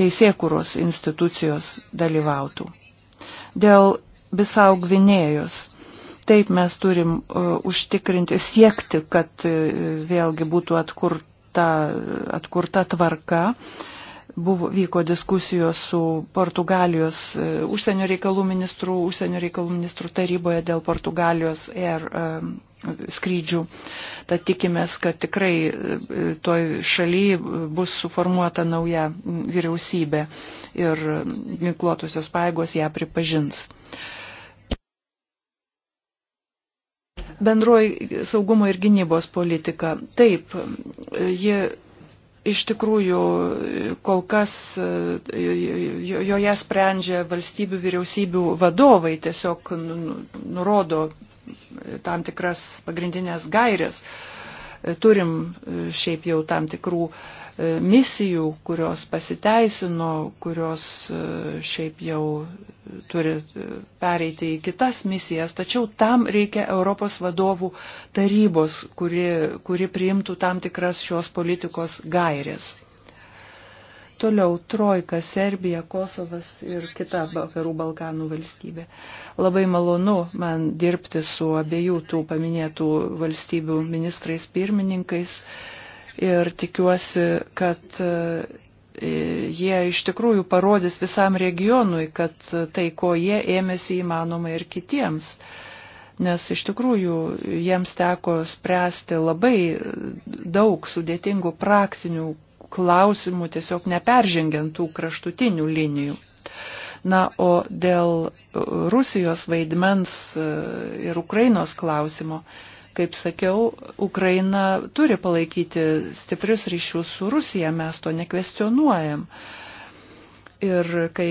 Speaker 3: teisėkuros institucijos dalyvautų. Dėl Bisau Gvinėjos. Taip mes turim uh, užtikrinti, siekti, kad uh, vėlgi būtų atkurta, atkurta tvarka, uh, buvo, vyko diskusijos su Portugalijos e, užsienio reikalų ministru, užsienio reikalų ministrų taryboje dėl Portugalijos air e, skrydžių. Tad tikimės, kad tikrai e, toj šalyje bus suformuota nauja vyriausybė ir ginkluotosios paėgos ją pripažins. Bendroji saugumo ir gynybos politika. Taip, ji iš tikrųjų kol kas e, joje sprendžia valstybių vyriausybių vadovai, tiesiog nu, nu, nurodo tam tikras pagrindinės gairės. E, turim e, šiaip jau tam tikrų uh, E, misijų, kurios pasiteisino, kurios e, šiaip jau turi e, pereiti į kitas misijas, tačiau tam reikia Europos vadovų tarybos, kuri, kuri priimtų tam tikras šios politikos gairės. Toliau Trojka, Serbija, Kosovas ir kita Vakarų Balkanų valstybė. Labai malonu man dirbti su abiejų tų paminėtų valstybių ministrais pirmininkais. Uh, ir tikiuosi, kad e, jie iš tikrųjų parodys visam regionui, kad e, tai, ko jie ėmėsi, įmanoma ir kitiems. Nes iš tikrųjų jiems teko spręsti labai daug sudėtingų praktinių klausimų, tiesiog neperžengiant tų kraštutinių linijų. Na, o dėl Rusijos vaidmens e, ir Ukrainos klausimo, Kaip sakiau, Ukraina turi palaikyti stiprius ryšius su Rusija, mes to nekvestionuojam. Ir kai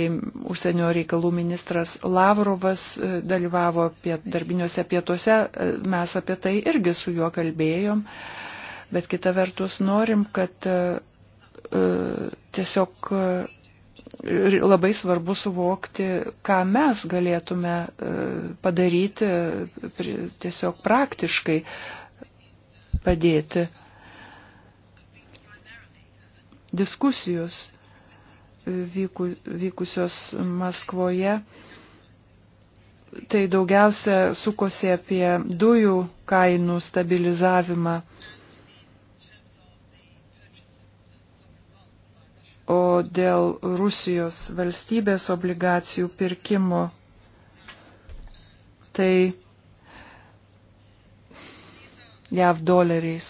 Speaker 3: užsienio reikalų ministras Lavrovas e, dalyvavo piet, darbiniuose pietuose, e, mes apie tai irgi su juo kalbėjom. Bet kita vertus norim, kad e, tiesiog labai svarbu suvokti, ką mes galėtume e, padaryti tiesiog praktiškai padėti. Diskusijos e, vyku, vykusios Maskvoje tai daugiausia sukosi apie dujų kainų stabilizavimą o dėl Rusijos valstybės obligacijų pirkimo, tai JAV doleriais.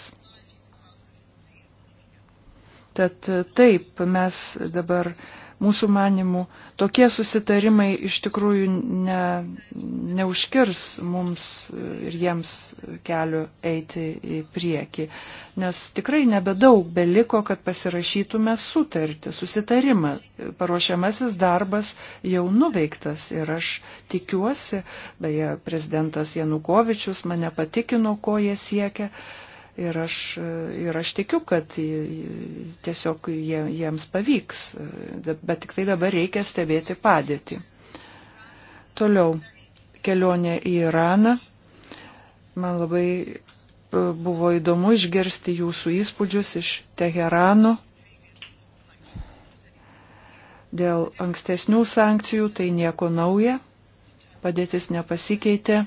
Speaker 3: Tad taip, mes dabar uh, Mūsų manimų tokie susitarimai iš tikrųjų ne, neužkirs mums ir jiems keliu eiti į priekį, nes tikrai nebedaug beliko, kad pasirašytume sutartį, susitarimą. Paruošiamasis darbas jau nuveiktas ir aš tikiuosi, beje, prezidentas Janukovičius mane patikino, ko jie siekia Ir aš, ir aš tikiu, kad tiesiog jie, jiems pavyks, bet tik tai dabar reikia stebėti padėtį. Toliau kelionė į Iraną. Man labai e, buvo įdomu išgirsti jūsų įspūdžius iš Teherano. Dėl ankstesnių sankcijų tai nieko nauja, padėtis nepasikeitė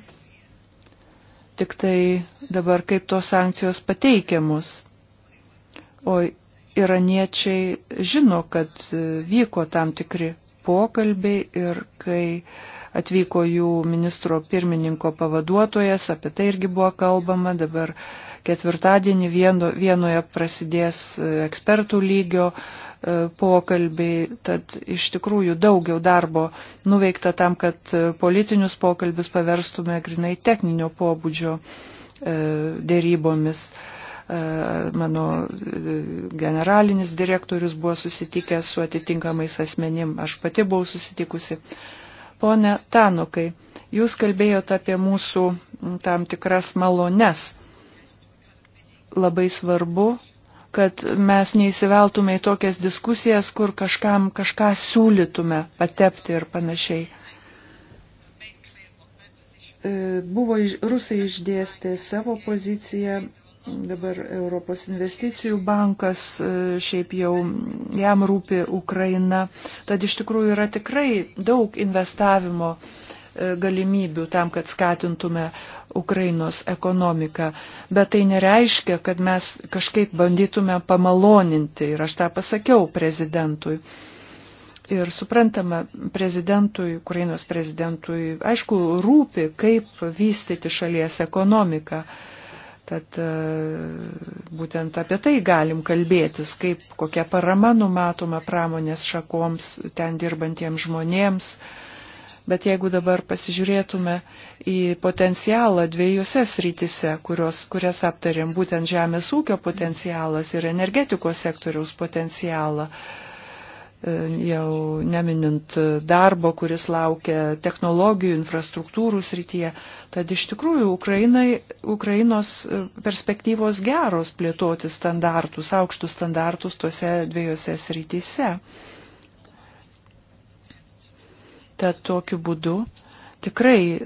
Speaker 3: tik tai dabar kaip tos sankcijos pateikiamus. O iraniečiai žino, kad vyko tam tikri pokalbiai ir kai atvyko jų ministro pirmininko pavaduotojas, apie tai irgi buvo kalbama, dabar ketvirtadienį vieno, vienoje prasidės ekspertų lygio pokalbiai, tad iš tikrųjų daugiau darbo nuveikta tam, kad politinius pokalbius paverstume grinai techninio pobūdžio e, dėrybomis. E, mano e, generalinis direktorius buvo susitikęs su atitinkamais asmenim, aš pati buvau susitikusi. Pone Tanukai, jūs kalbėjote apie mūsų tam tikras malones. Labai svarbu kad mes neįsiveltume į tokias diskusijas, kur kažkam kažką siūlytume patepti ir panašiai. E, buvo rusai išdėstė savo poziciją, dabar Europos investicijų bankas e, šiaip jau jam rūpi Ukraina. Tad iš tikrųjų yra tikrai daug investavimo uh, E, galimybių tam, kad skatintume Ukrainos ekonomiką. Bet tai nereiškia, kad mes kažkaip bandytume pamaloninti ir aš tą pasakiau prezidentui. Ir suprantama, prezidentui, Ukrainos prezidentui, aišku, rūpi, kaip vystyti šalies ekonomiką. Tad e, būtent apie tai galim kalbėtis, kaip kokia parama numatoma pramonės šakoms, ten dirbantiems žmonėms. Uh, Bet jeigu dabar pasižiūrėtume į potencialą dviejose srityse, kurios, kurias aptarėm, būtent žemės ūkio potencialas ir energetikos sektoriaus potencialą, e, jau neminint darbo, kuris laukia technologijų, infrastruktūrų srityje. Tad iš tikrųjų Ukrainai, Ukrainos e, perspektyvos geros plėtoti standartus, aukštus standartus tuose dviejose srityse. Tad tokiu būdu tikrai e,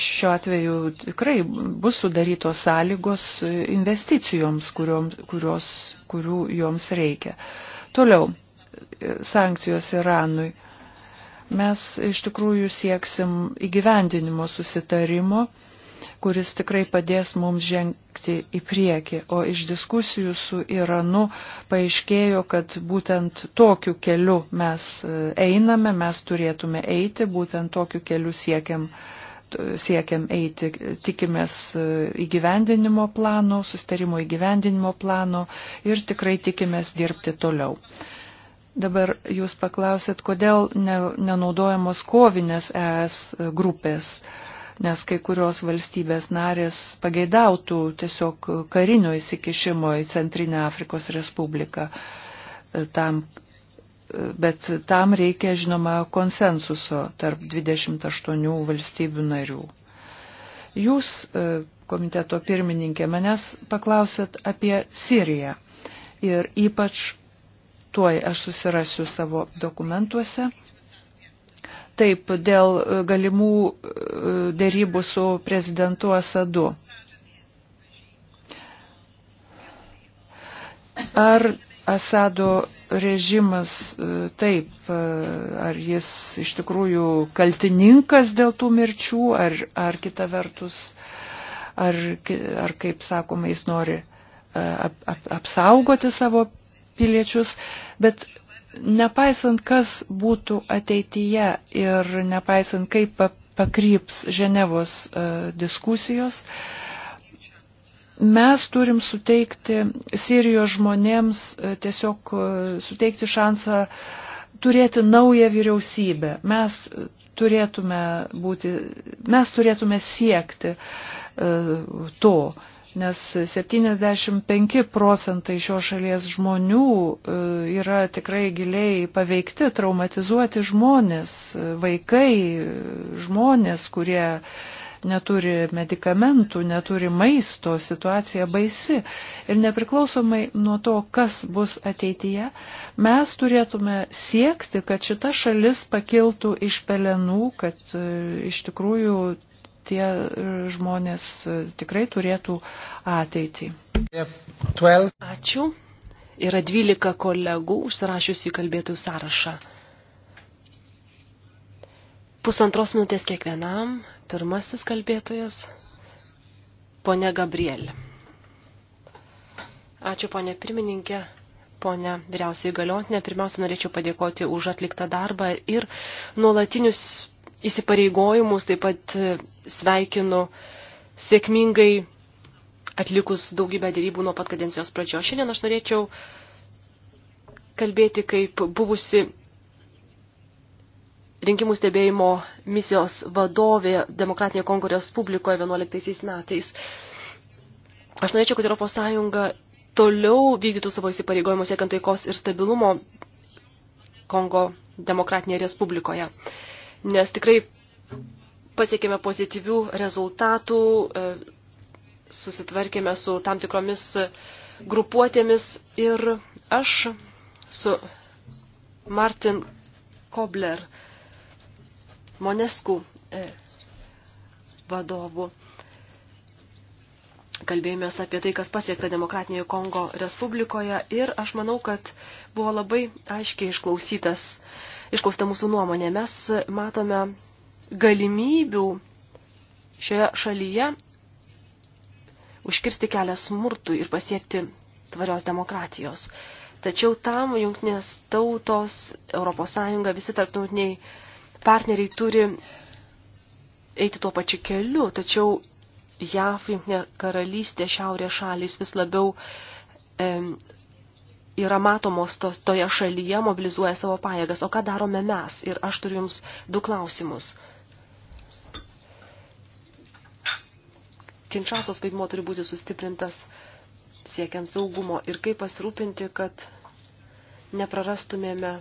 Speaker 3: šiuo atveju tikrai bus sudarytos sąlygos e, investicijoms, kuriom, kurios, kurių joms reikia. Toliau, e, sankcijos Iranui. Mes iš tikrųjų sieksim įgyvendinimo susitarimo kuris tikrai padės mums žengti į priekį. O iš diskusijų su Iranu paaiškėjo, kad būtent tokiu keliu mes e, einame, mes turėtume eiti, būtent tokiu keliu siekiam siekiam eiti, tikimės e, įgyvendinimo plano, sustarimo įgyvendinimo plano ir tikrai tikimės dirbti toliau. Dabar jūs paklausėt, kodėl nenaudojamos kovinės ES grupės. Uh, nes kai kurios valstybės narės pageidautų tiesiog karinio įsikišimo į Centrinę Afrikos Respubliką. E, tam, e, bet tam reikia, žinoma, konsensuso tarp 28 valstybių narių. Jūs, e, komiteto pirmininkė, manęs paklausėt apie Siriją ir ypač tuoj aš susirasiu savo dokumentuose Taip, dėl e, galimų e, dėrybų su prezidentu Asadu. Ar Asado režimas e, taip, ar jis iš tikrųjų kaltininkas dėl tų mirčių, ar, ar kita vertus, ar, ar kaip sakoma, jis nori ap, ap, apsaugoti savo piliečius, bet nepaisant kas būtų ateityje ir nepaisant kaip pakryps Ženevos e, diskusijos, mes turim suteikti Sirijos žmonėms e, tiesiog e, suteikti šansą turėti naują vyriausybę. Mes turėtume būti, mes turėtume siekti to nes 75 procentai šios šalies žmonių e, yra tikrai giliai paveikti, traumatizuoti žmonės, e, vaikai, e, žmonės, kurie neturi medikamentų, neturi maisto, situacija baisi. Ir nepriklausomai nuo to, kas bus ateityje, mes turėtume siekti, kad šita šalis pakiltų iš pelenų, kad iš tikrųjų tie e, žmonės e, tikrai turėtų
Speaker 2: ateitį.
Speaker 3: Ačiū.
Speaker 2: Yra 12 kolegų užsirašiusių į kalbėtojų sąrašą. Pusantros minutės kiekvienam. Pirmasis kalbėtojas – ponė Gabrielė. Ačiū, ponė pirmininkė, ponė vyriausiai galiotinė. Pirmiausia, norėčiau padėkoti už atliktą darbą ir nuolatinius įsipareigojimus, taip pat e, sveikinu sėkmingai atlikus daugybę dėrybų nuo pat kadencijos pradžios. Šiandien aš norėčiau kalbėti kaip buvusi rinkimų stebėjimo misijos vadovė Demokratinėje Kongo Respublikoje 11 metais. Aš norėčiau, kad Europos Sąjunga toliau vykdytų savo įsipareigojimus siekiant taikos ir stabilumo Kongo Demokratinėje Respublikoje nes tikrai pasiekėme pozityvių rezultatų, e, susitvarkėme su tam tikromis grupuotėmis ir aš su Martin Kobler Monesku e, vadovu. Kalbėjomės apie tai, kas pasiekta demokratinėje Kongo Respublikoje ir aš manau, kad buvo labai aiškiai išklausytas uh, išklausta mūsų nuomonė. Mes matome galimybių šioje šalyje užkirsti kelią smurtui ir pasiekti tvarios demokratijos. Tačiau tam jungtinės tautos, ES, visi tarptautiniai partneriai turi eiti tuo pačiu keliu, tačiau JAF, jungtinė karalystė, šiaurės šalys vis labiau e, yra matomos to, toje šalyje, mobilizuoja savo pajėgas. O ką darome mes? Ir aš turiu Jums du klausimus. Kinčasos vaidmo turi būti sustiprintas siekiant saugumo ir kaip pasirūpinti, kad neprarastumėme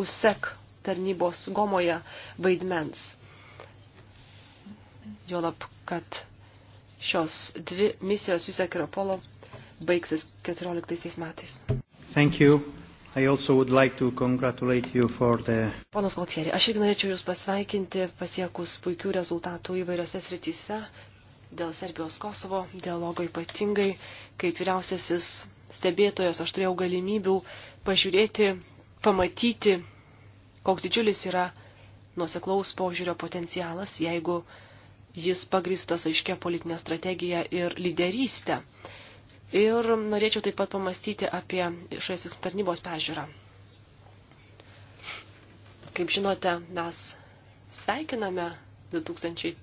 Speaker 2: USEK tarnybos Gomoje vaidmens. Jolab, kad šios dvi misijos USEK ir Apollo baigsis 14 metais.
Speaker 3: Thank you. I also would like to congratulate you for the...
Speaker 2: Ponas Galtieri, aš irgi norėčiau Jūs pasveikinti pasiekus puikių rezultatų įvairiose srityse dėl Serbijos Kosovo dialogo ypatingai, kaip vyriausiasis stebėtojas aš turėjau galimybių pažiūrėti, pamatyti, koks didžiulis yra nuoseklaus požiūrio potencialas, jeigu jis pagristas aiškia politinė strategija ir lyderystė. Ir norėčiau taip pat pamastyti apie išorės veiksmų tarnybos peržiūrą. Kaip žinote, mes sveikiname 2013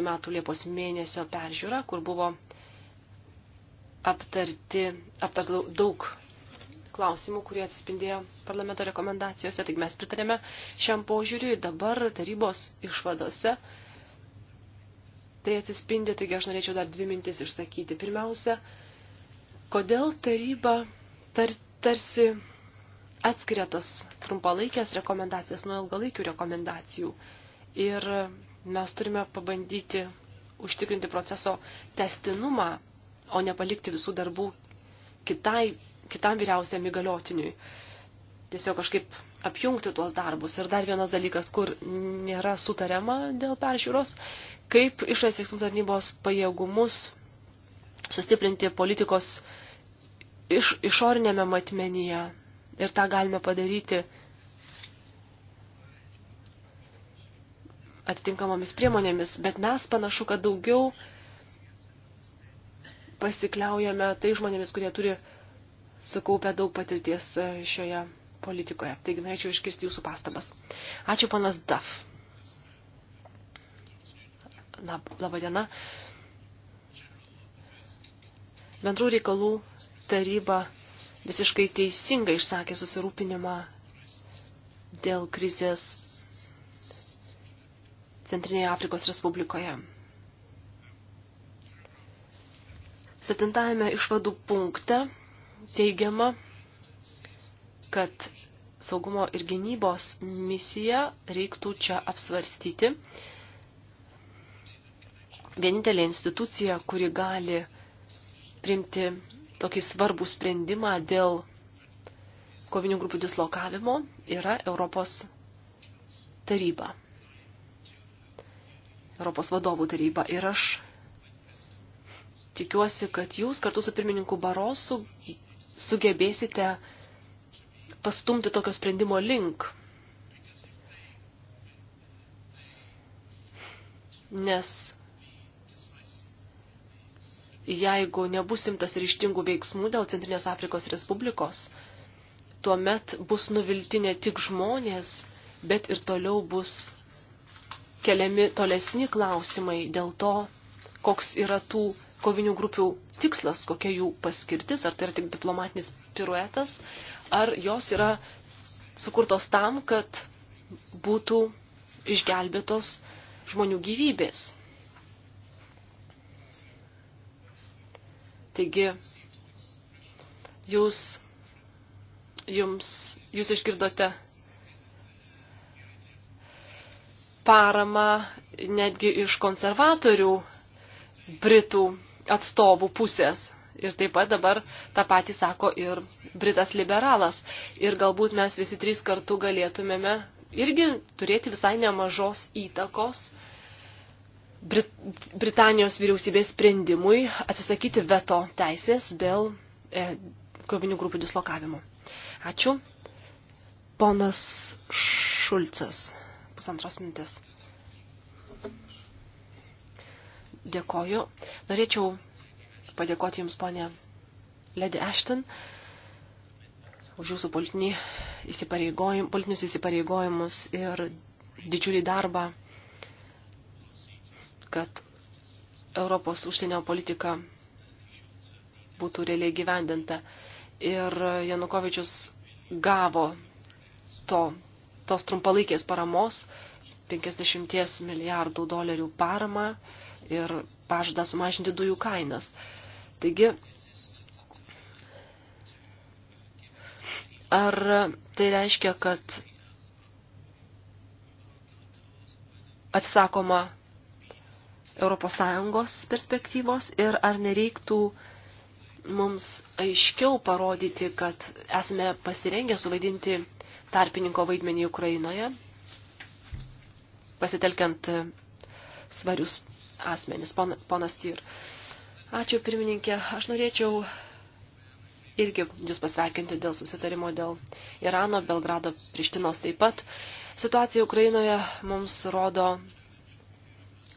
Speaker 2: m. Liepos mėnesio peržiūrą, kur buvo aptarti, aptarti daug klausimų, kurie atsispindėjo parlamento rekomendacijose. Taigi mes pritarėme šiam požiūriui dabar tarybos išvadose tai atsispindi, taigi aš norėčiau dar dvi mintis išsakyti. Pirmiausia, kodėl taryba tar, tarsi atskiria tas trumpalaikės rekomendacijas nuo ilgalaikių rekomendacijų. Ir mes turime pabandyti užtikrinti proceso testinumą, o ne palikti visų darbų kitai, kitam vyriausiam įgaliotiniui. Tiesiog kažkaip apjungti tuos darbus. Ir dar vienas dalykas, kur nėra sutariama dėl peržiūros, kaip išorės veiksmų tarnybos pajėgumus sustiprinti politikos iš, išorinėme matmenyje. Ir tą galime padaryti atitinkamomis priemonėmis, bet mes panašu, kad daugiau pasikliaujame tai žmonėmis, kurie turi sukaupę daug patirties e, šioje politikoje. Taigi norėčiau iškirsti jūsų pastabas. Ačiū, panas Daf. Lab, labą dieną. Bendrų reikalų taryba visiškai teisingai išsakė susirūpinimą dėl krizės Centrinėje Afrikos Respublikoje. Septintajame išvadų punkte teigiama, kad saugumo ir gynybos misiją reiktų čia apsvarstyti vienintelė institucija, kuri gali priimti tokį svarbų sprendimą dėl kovinių grupių dislokavimo, yra Europos taryba. Europos vadovų taryba. Ir aš tikiuosi, kad jūs kartu su pirmininku Barosu sugebėsite pastumti tokio sprendimo link. Nes jeigu nebus imtas ryštingų veiksmų dėl Centrinės Afrikos Respublikos, tuomet bus nuvilti ne tik žmonės, bet ir toliau bus keliami tolesni klausimai dėl to, koks yra tų kovinių grupių tikslas, kokia jų paskirtis, ar tai yra tik diplomatinis piruetas, ar jos yra sukurtos tam, kad būtų išgelbėtos žmonių gyvybės. Taigi, jūs, jums, jūs išgirdote paramą netgi iš konservatorių Britų atstovų pusės. Ir taip pat dabar tą patį sako ir Britas liberalas. Ir galbūt mes visi trys kartu galėtumėme irgi turėti visai nemažos įtakos uh, Brit Britanijos vyriausybės sprendimui atsisakyti veto teisės dėl e, kovinių grupių dislokavimo. Ačiū. Ponas Šulcas, pusantros mintis. Dėkoju. Norėčiau padėkoti Jums, ponė Lady Ashton, už Jūsų politinį įsipareigojim, politinius įsipareigojimus ir didžiulį darbą kad Europos užsienio politika būtų realiai gyvendinta. Ir Janukovičius gavo to, tos trumpalaikės paramos, 50 milijardų dolerių paramą ir pažada sumažinti dujų kainas. Taigi, ar tai reiškia, kad atsakoma ES perspektyvos ir ar nereiktų mums aiškiau parodyti, kad esame pasirengę suvaidinti tarpininko vaidmenį Ukrainoje, pasitelkiant svarius asmenis. Ponas Tyr. Ačiū pirmininkė. Aš norėčiau irgi jūs pasveikinti dėl susitarimo dėl Irano, Belgrado, Prištinos taip pat. Situacija Ukrainoje mums rodo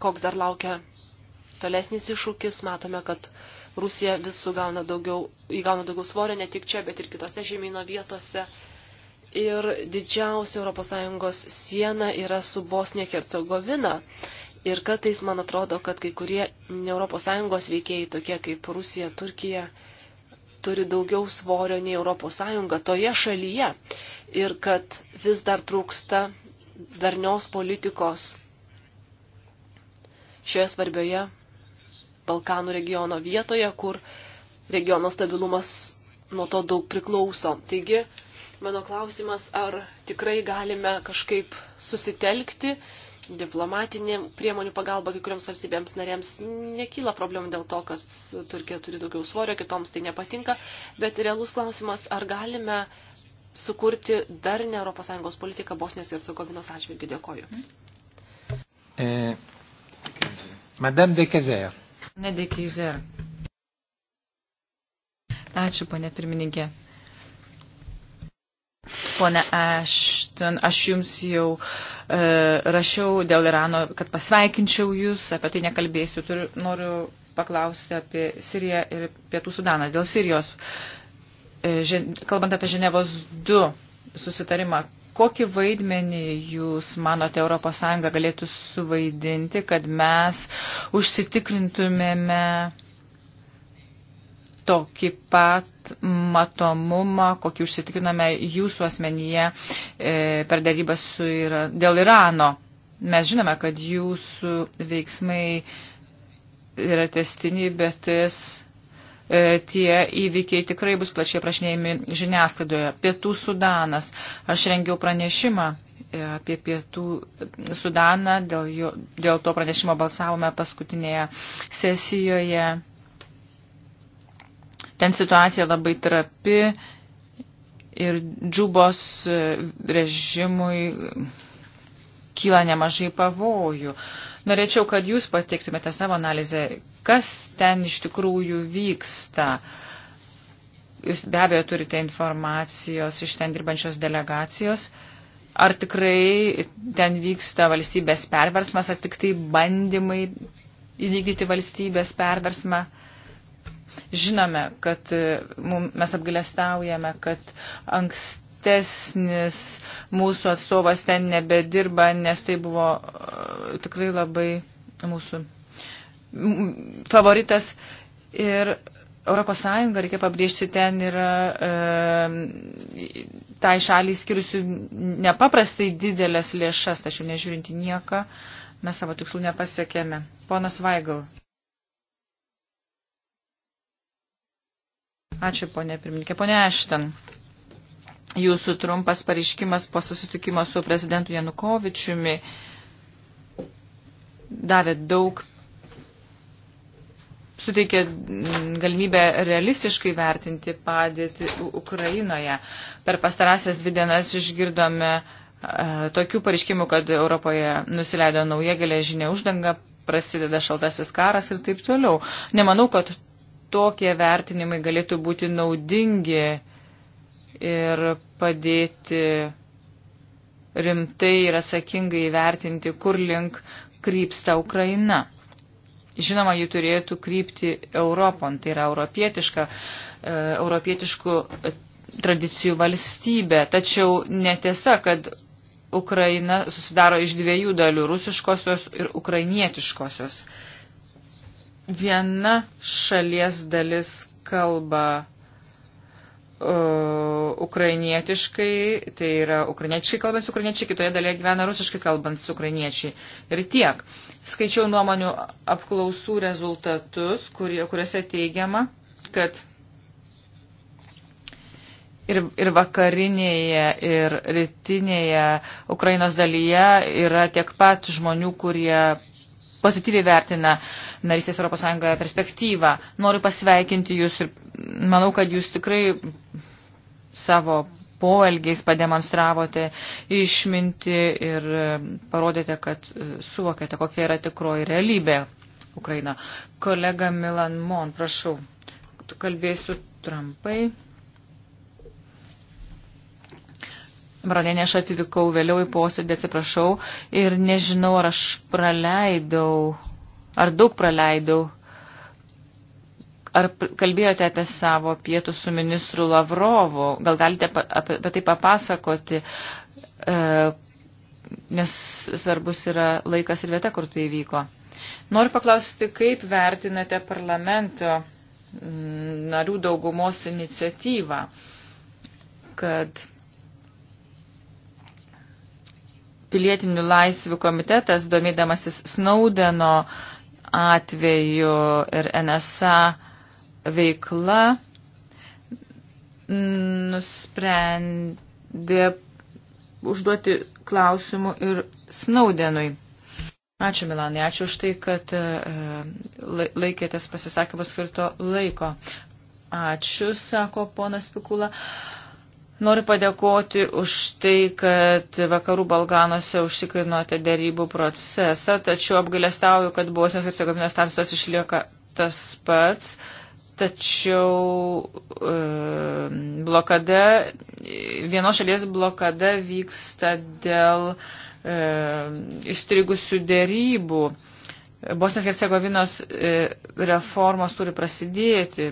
Speaker 2: koks dar laukia tolesnis iššūkis. Matome, kad Rusija vis sugauna daugiau, įgauna daugiau svorio ne tik čia, bet ir kitose žemyno vietose. Ir didžiausia ES siena yra su Bosnija Hercegovina. Ir kartais man atrodo, kad kai kurie ne ES veikėjai, tokie kaip Rusija, Turkija, turi daugiau svorio nei ES toje šalyje. Ir kad vis dar trūksta darnios politikos šioje svarbioje Balkanų regiono vietoje, kur regiono stabilumas nuo to daug priklauso. Taigi, mano klausimas, ar tikrai galime kažkaip susitelkti diplomatinė priemonių pagalba kai kuriams valstybėms narėms nekyla problemų dėl to, kad Turkija turi daugiau svorio, kitoms tai nepatinka, bet realus klausimas, ar galime sukurti dar ne ES politiką Bosnijos ir Cegovinos atžvilgių. Dėkoju.
Speaker 1: E, Madame de Kezer. Ne de Kezer. Ačiū, ponė pirmininkė. Pone Ashton, aš jums jau e, rašiau dėl Irano, kad pasveikinčiau jūs, apie tai nekalbėsiu. Turiu, noriu paklausti apie Siriją ir Pietų Sudaną. Dėl Sirijos, e, žen, kalbant apie Ženevos 2 susitarimą, kokį vaidmenį jūs manote ES galėtų suvaidinti, kad mes užsitikrintumėme tokį pat matomumą, kokį užsitikriname jūsų asmenyje e, per darybą su, dėl Irano. Mes žinome, kad jūsų veiksmai yra testiniai, bet jis E, tie įvykiai tikrai bus plačiai prašinėjami žiniasklaidoje. Pietų Sudanas. Aš rengiau pranešimą e, apie Pietų Sudaną, dėl, jo, dėl to pranešimo balsavome paskutinėje sesijoje. Ten situacija labai trapi ir džubos e, režimui kyla nemažai pavojų. Uh, Norėčiau, kad jūs pateiktumėte savo analizę, kas ten iš tikrųjų vyksta. Jūs be abejo turite informacijos iš ten dirbančios delegacijos. Ar tikrai ten vyksta valstybės perversmas, ar tik tai bandymai įvykdyti valstybės perversmą? Žinome, kad mes apgalėstaujame, kad anksti ankstesnis mūsų atstovas ten nebedirba, nes tai buvo e, tikrai labai mūsų favoritas. Ir Europos Sąjunga, reikia pabrėžti, ten yra e, tai šaliai skiriusių nepaprastai didelės lėšas, tačiau nežiūrinti nieką, mes savo tikslų nepasiekėme. Ponas Vaigal. Ačiū, ponė pirmininkė. Ponė Ešten jūsų trumpas pareiškimas po susitikimo su prezidentu Janukovičiumi davė daug, suteikė mm, galimybę realistiškai vertinti padėtį Ukrainoje. Per pastarąsias dvi dienas išgirdome e, tokių pareiškimų, kad Europoje nusileido nauja geležinė uždanga, prasideda šaltasis karas ir taip toliau. Nemanau, kad tokie vertinimai galėtų būti naudingi ir padėti rimtai ir atsakingai įvertinti, kur link krypsta Ukraina. Žinoma, ji turėtų krypti Europon, tai yra europietiška, e, europietiškų e, tradicijų valstybė. Tačiau netiesa, kad Ukraina susidaro iš dviejų dalių - rusiškosios ir ukrainietiškosios. Viena šalies dalis kalba E, ukrainietiškai, tai yra ukrainiečiai kalbant su ukrainiečiai, kitoje dalyje gyvena rusiškai kalbant su ukrainiečiai. Ir tiek. Skaičiau nuomonių apklausų rezultatus, kurie, kuriuose teigiama, kad ir, ir vakarinėje, ir rytinėje Ukrainos dalyje yra tiek pat žmonių, kurie pozityviai vertina uh, narystės Europos Sąjungoje perspektyvą. Noriu pasveikinti jūs ir manau, kad jūs tikrai savo poelgiais pademonstravote išminti ir parodėte, kad suvokėte, kokia yra tikroji realybė Ukraina. Kolega Milan Mon, prašau, kalbėsiu trumpai. Bronienė, aš atvykau vėliau į posėdį, atsiprašau ir nežinau, ar aš praleidau Ar daug praleidau? Ar kalbėjote apie savo pietų su ministru Lavrovu? Gal galite apie tai papasakoti, e, nes svarbus yra laikas ir vieta, kur tai vyko. Noriu paklausti, kaip vertinate parlamento mm, narių daugumos iniciatyvą, kad pilietinių laisvių komitetas, domėdamasis Snaudeno uh, atveju ir NSA veikla nusprendė užduoti klausimų ir Snaudenui. Ačiū Milanai, ačiū už tai, kad e, laikėtės pasisakymą skirto laiko. Ačiū, sako ponas Pikula. Noriu padėkoti už tai, kad Vakarų Balkanuose užsikrinote dėrybų procesą, tačiau apgailestauju, kad Bosnijos ir Cegovinos statusas išlieka tas pats, tačiau e, blokada, vienos šalies blokada vyksta dėl e, įstrigusių dėrybų. Bosnijos ir Cegovinos e, reformos turi prasidėti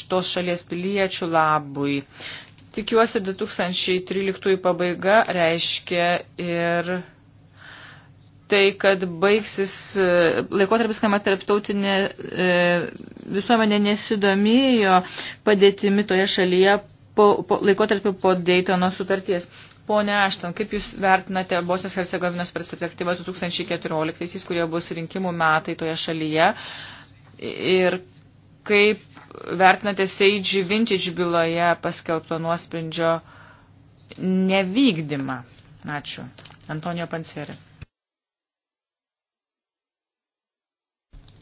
Speaker 1: šitos šalies piliečių labui Tikiuosi, 2013 pabaiga reiškia ir tai, kad baigsis e, laikotarpis, kuomet tarptautinė e, visuomenė nesidomėjo padėtimi toje šalyje po, po, laikotarpį po Daytono sutarties. Pone Ašton, kaip Jūs vertinate Bosnijos Hercegovinos perspektyvą 2014, kurie bus rinkimų metai toje šalyje ir kaip vertinate Seidži Vintage byloje paskelbto nuosprendžio nevykdymą? Ačiū. Antonio Panseri.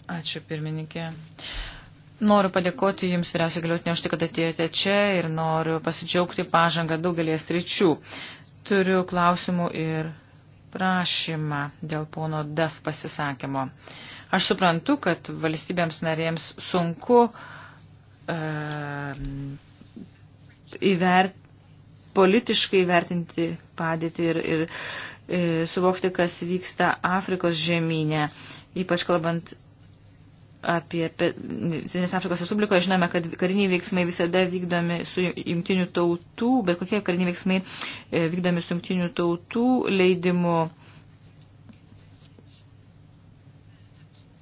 Speaker 1: Ačiū, pirmininkė. Noriu padėkoti Jums, vyriausiai galiotinė, už tai, kad atėjote čia ir noriu pasidžiaugti pažangą daugelį stryčių. Turiu klausimų ir prašymą dėl pono DEF pasisakymo. Aš suprantu, kad valstybėms narėms sunku uh, E, įvert, politiškai vertinti padėtį ir, ir, ir e, suvokti, kas vyksta Afrikos žemynė, ypač kalbant apie Centrinės Afrikos Respublikoje žinome, kad kariniai veiksmai visada vykdomi su jungtinių tautų, bet kokie kariniai veiksmai e, vykdomi su jungtinių tautų leidimu.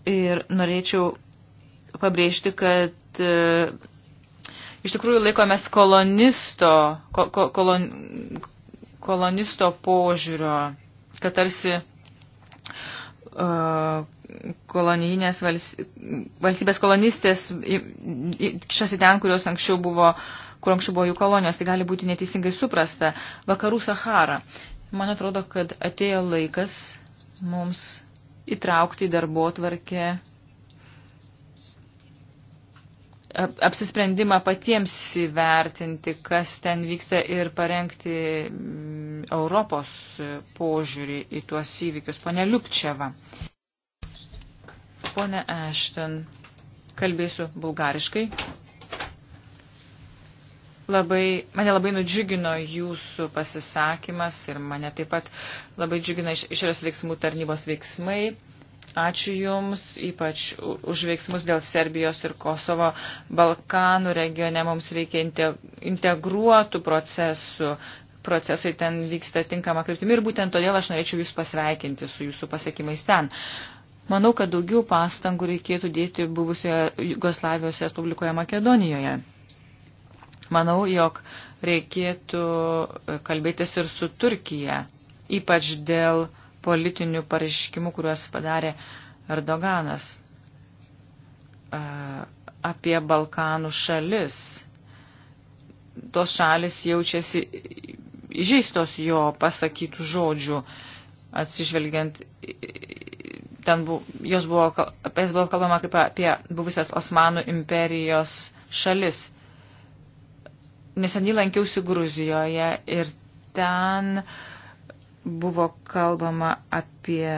Speaker 1: Ir norėčiau pabrėžti, kad E, iš tikrųjų laikomės kolonisto, ko, ko, kolon, kolonisto požiūrio, kad tarsi uh, kolonijinės vals, valstybės kolonistės šiasi ten, kurios anksčiau buvo, kur anksčiau buvo jų kolonijos, tai gali būti neteisingai suprasta. Vakarų Sahara. Man atrodo, kad atėjo laikas mums įtraukti į darbo tvarkę apsisprendimą patiems įvertinti, kas ten vyksta ir parengti mm, Europos požiūrį į tuos įvykius. Pone Liupčeva. Pone Ešten, kalbėsiu bulgariškai. Labai, mane labai nudžiugino jūsų pasisakymas ir mane taip pat labai džiugina išrės veiksmų tarnybos veiksmai Ačiū Jums, ypač už veiksmus dėl Serbijos ir Kosovo Balkanų regione. Mums reikia integruotų procesų. Procesai ten vyksta tinkama kryptimi ir būtent todėl aš norėčiau Jūs pasveikinti su Jūsų pasiekimais ten. Manau, kad daugiau pastangų reikėtų dėti buvusioje Jugoslavijos Respublikoje Makedonijoje. Manau, jog reikėtų kalbėtis ir su Turkija, ypač dėl uh, politinių pareiškimų, kuriuos padarė Erdoganas apie Balkanų šalis. Tos šalis jaučiasi įžeistos jo pasakytų žodžių, atsižvelgiant, ten bu, jos buvo, apie jas buvo kalbama kaip apie buvusias Osmanų imperijos šalis. Neseniai lankiausi Gruzijoje ir ten uh, buvo kalbama apie,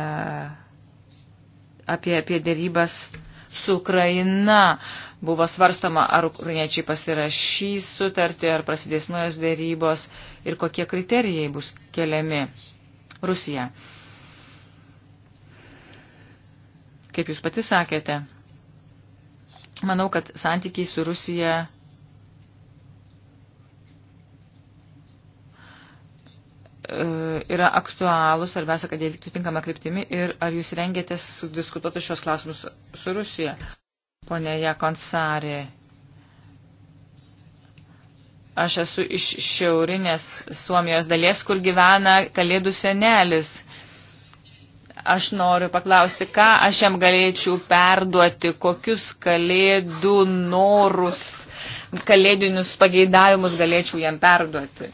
Speaker 1: apie, apie dėrybas su Ukraina. Buvo svarstama, ar ukrainiečiai pasirašys sutartį, ar prasidės nuojas dėrybos ir kokie kriterijai bus keliami Rusija. Kaip jūs pati sakėte, manau, kad santykiai su Rusija E, yra aktualūs, svarbiausia, kad jie vyktų tinkama kryptimi ir ar jūs rengėtės diskutuoti šios klausimus su Rusija? Pone Jakonsarė, aš esu iš šiaurinės Suomijos dalies, kur gyvena kalėdų senelis. Aš noriu paklausti, ką aš jam galėčiau perduoti, kokius kalėdų norus, kalėdinius pageidavimus galėčiau jam perduoti.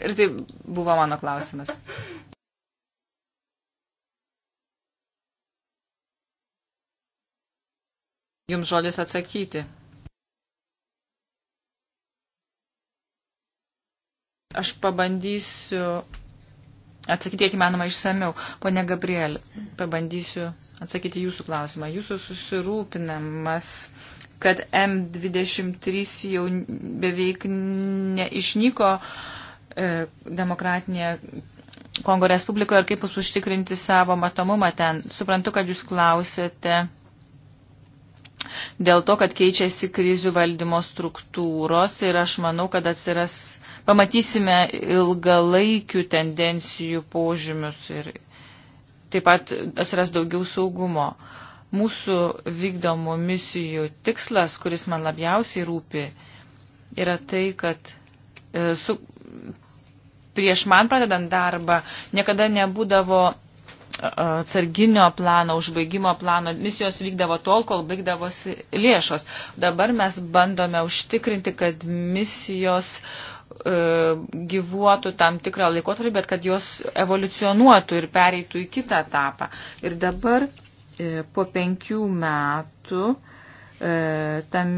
Speaker 1: Ir tai buvo mano klausimas. Jums žodis atsakyti. Aš pabandysiu atsakyti kiek įmanoma išsamiau. Pone Gabriel, pabandysiu atsakyti jūsų klausimą. Jūsų susirūpinamas, kad M23 jau beveik neišnyko, E, demokratinėje Kongo Respublikoje ir kaip jūs užtikrinti savo matomumą ten. Suprantu, kad jūs klausėte dėl to, kad keičiasi krizių valdymo struktūros ir aš manau, kad atsiras, pamatysime ilgalaikių tendencijų požymius ir taip pat atsiras daugiau saugumo. Mūsų vykdomų misijų tikslas, kuris man labiausiai rūpi, yra tai, kad e, su, prieš man pradedant darbą niekada nebūdavo e, atsarginio plano, užbaigimo plano, misijos vykdavo tol, kol baigdavosi lėšos. Dabar mes bandome užtikrinti, kad misijos e, gyvuotų tam tikrą laikotarpį, bet kad jos evoliucionuotų ir pereitų į kitą etapą. Ir dabar e, po penkių metų tam,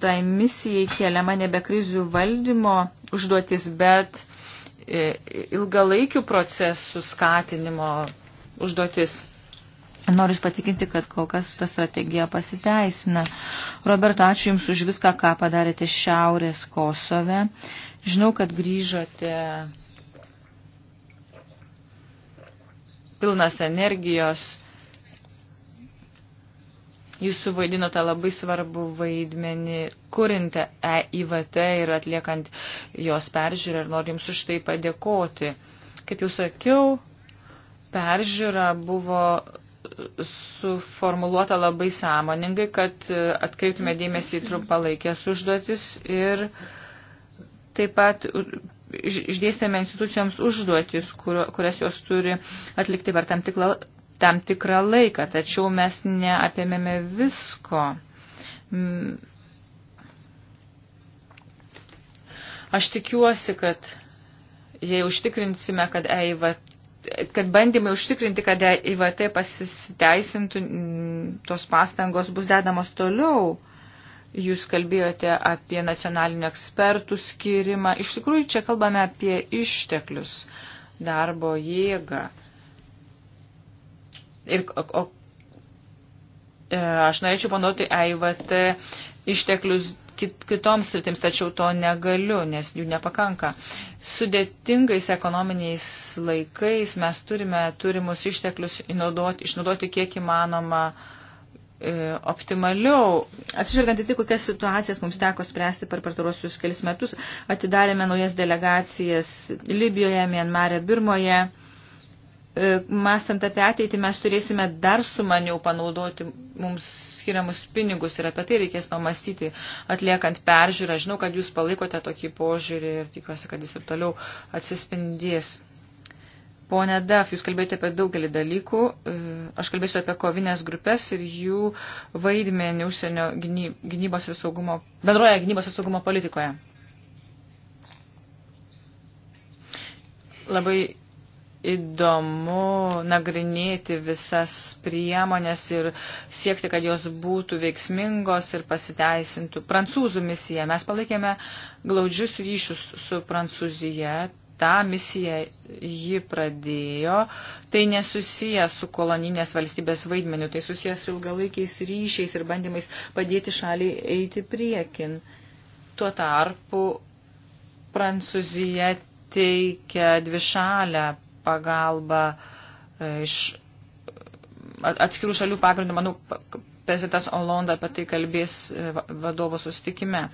Speaker 1: tai misijai keliama nebe krizių valdymo užduotis, bet e, ilgalaikių procesų skatinimo užduotis. Noriu patikinti, kad kol kas ta strategija pasiteisina. Roberto, ačiū Jums už viską, ką padarėte Šiaurės Kosove. Žinau, kad grįžote pilnas energijos Jūs suvaidinote labai svarbu vaidmenį, kurint EIVT ir atliekant jos peržiūrą ir noriu Jums už tai padėkoti. Kaip jau sakiau, peržiūra buvo suformuluota labai sąmoningai, kad atkreiptume dėmesį į trumpalaikės užduotis ir taip pat išdėstėme institucijoms užduotis, kur, kurias jos turi atlikti per tam tiklą tam tikrą laiką, tačiau mes neapėmėme visko. Mm. Aš tikiuosi, kad jei užtikrinsime, kad EIVT kad bandymai užtikrinti, kad e IVT pasiteisintų, mm, tos pastangos bus dedamos toliau. Jūs kalbėjote apie nacionalinių ekspertų skirimą. Iš tikrųjų, čia kalbame apie išteklius, darbo jėgą. Ir, o, o, e, aš norėčiau panaudoti EIVT išteklius kit, kitoms sritims, tačiau to negaliu, nes jų nepakanka. Sudėtingais ekonominiais laikais mes turime turimus išteklius inaudoti, išnaudoti kiek įmanoma e, optimaliau. Atsižvelgiant į tai, kokias situacijas mums teko spręsti per pastarosius kelis metus, atidarėme naujas delegacijas Libijoje, Mienmare, Birmoje. E, mąstant apie ateitį, mes turėsime dar sumaniau panaudoti mums skiriamus pinigus ir apie tai reikės pamastyti, atliekant peržiūrą. Žinau, kad jūs palaikote tokį požiūrį ir tikiuosi, kad jis ir toliau atsispindės. Pone Daf, jūs kalbėjote apie daugelį dalykų. E, aš kalbėsiu apie kovinės grupės ir jų vaidmenį užsienio gynybos ir saugumo, bendroje gynybos ir saugumo politikoje. Labai įdomu nagrinėti visas priemonės ir siekti, kad jos būtų veiksmingos ir pasiteisintų. Prancūzų misija. Mes palaikėme glaudžius ryšius su Prancūzija. Ta misija ji pradėjo. Tai nesusiję su koloninės valstybės vaidmeniu, tai susiję su ilgalaikiais ryšiais ir bandymais padėti šaliai eiti priekin. Tuo tarpu Prancūzija teikia dvišalę pagalba e, iš atskirų šalių pagrindų, manau, prezidentas Olonda apie tai kalbės e, vadovo sustikime.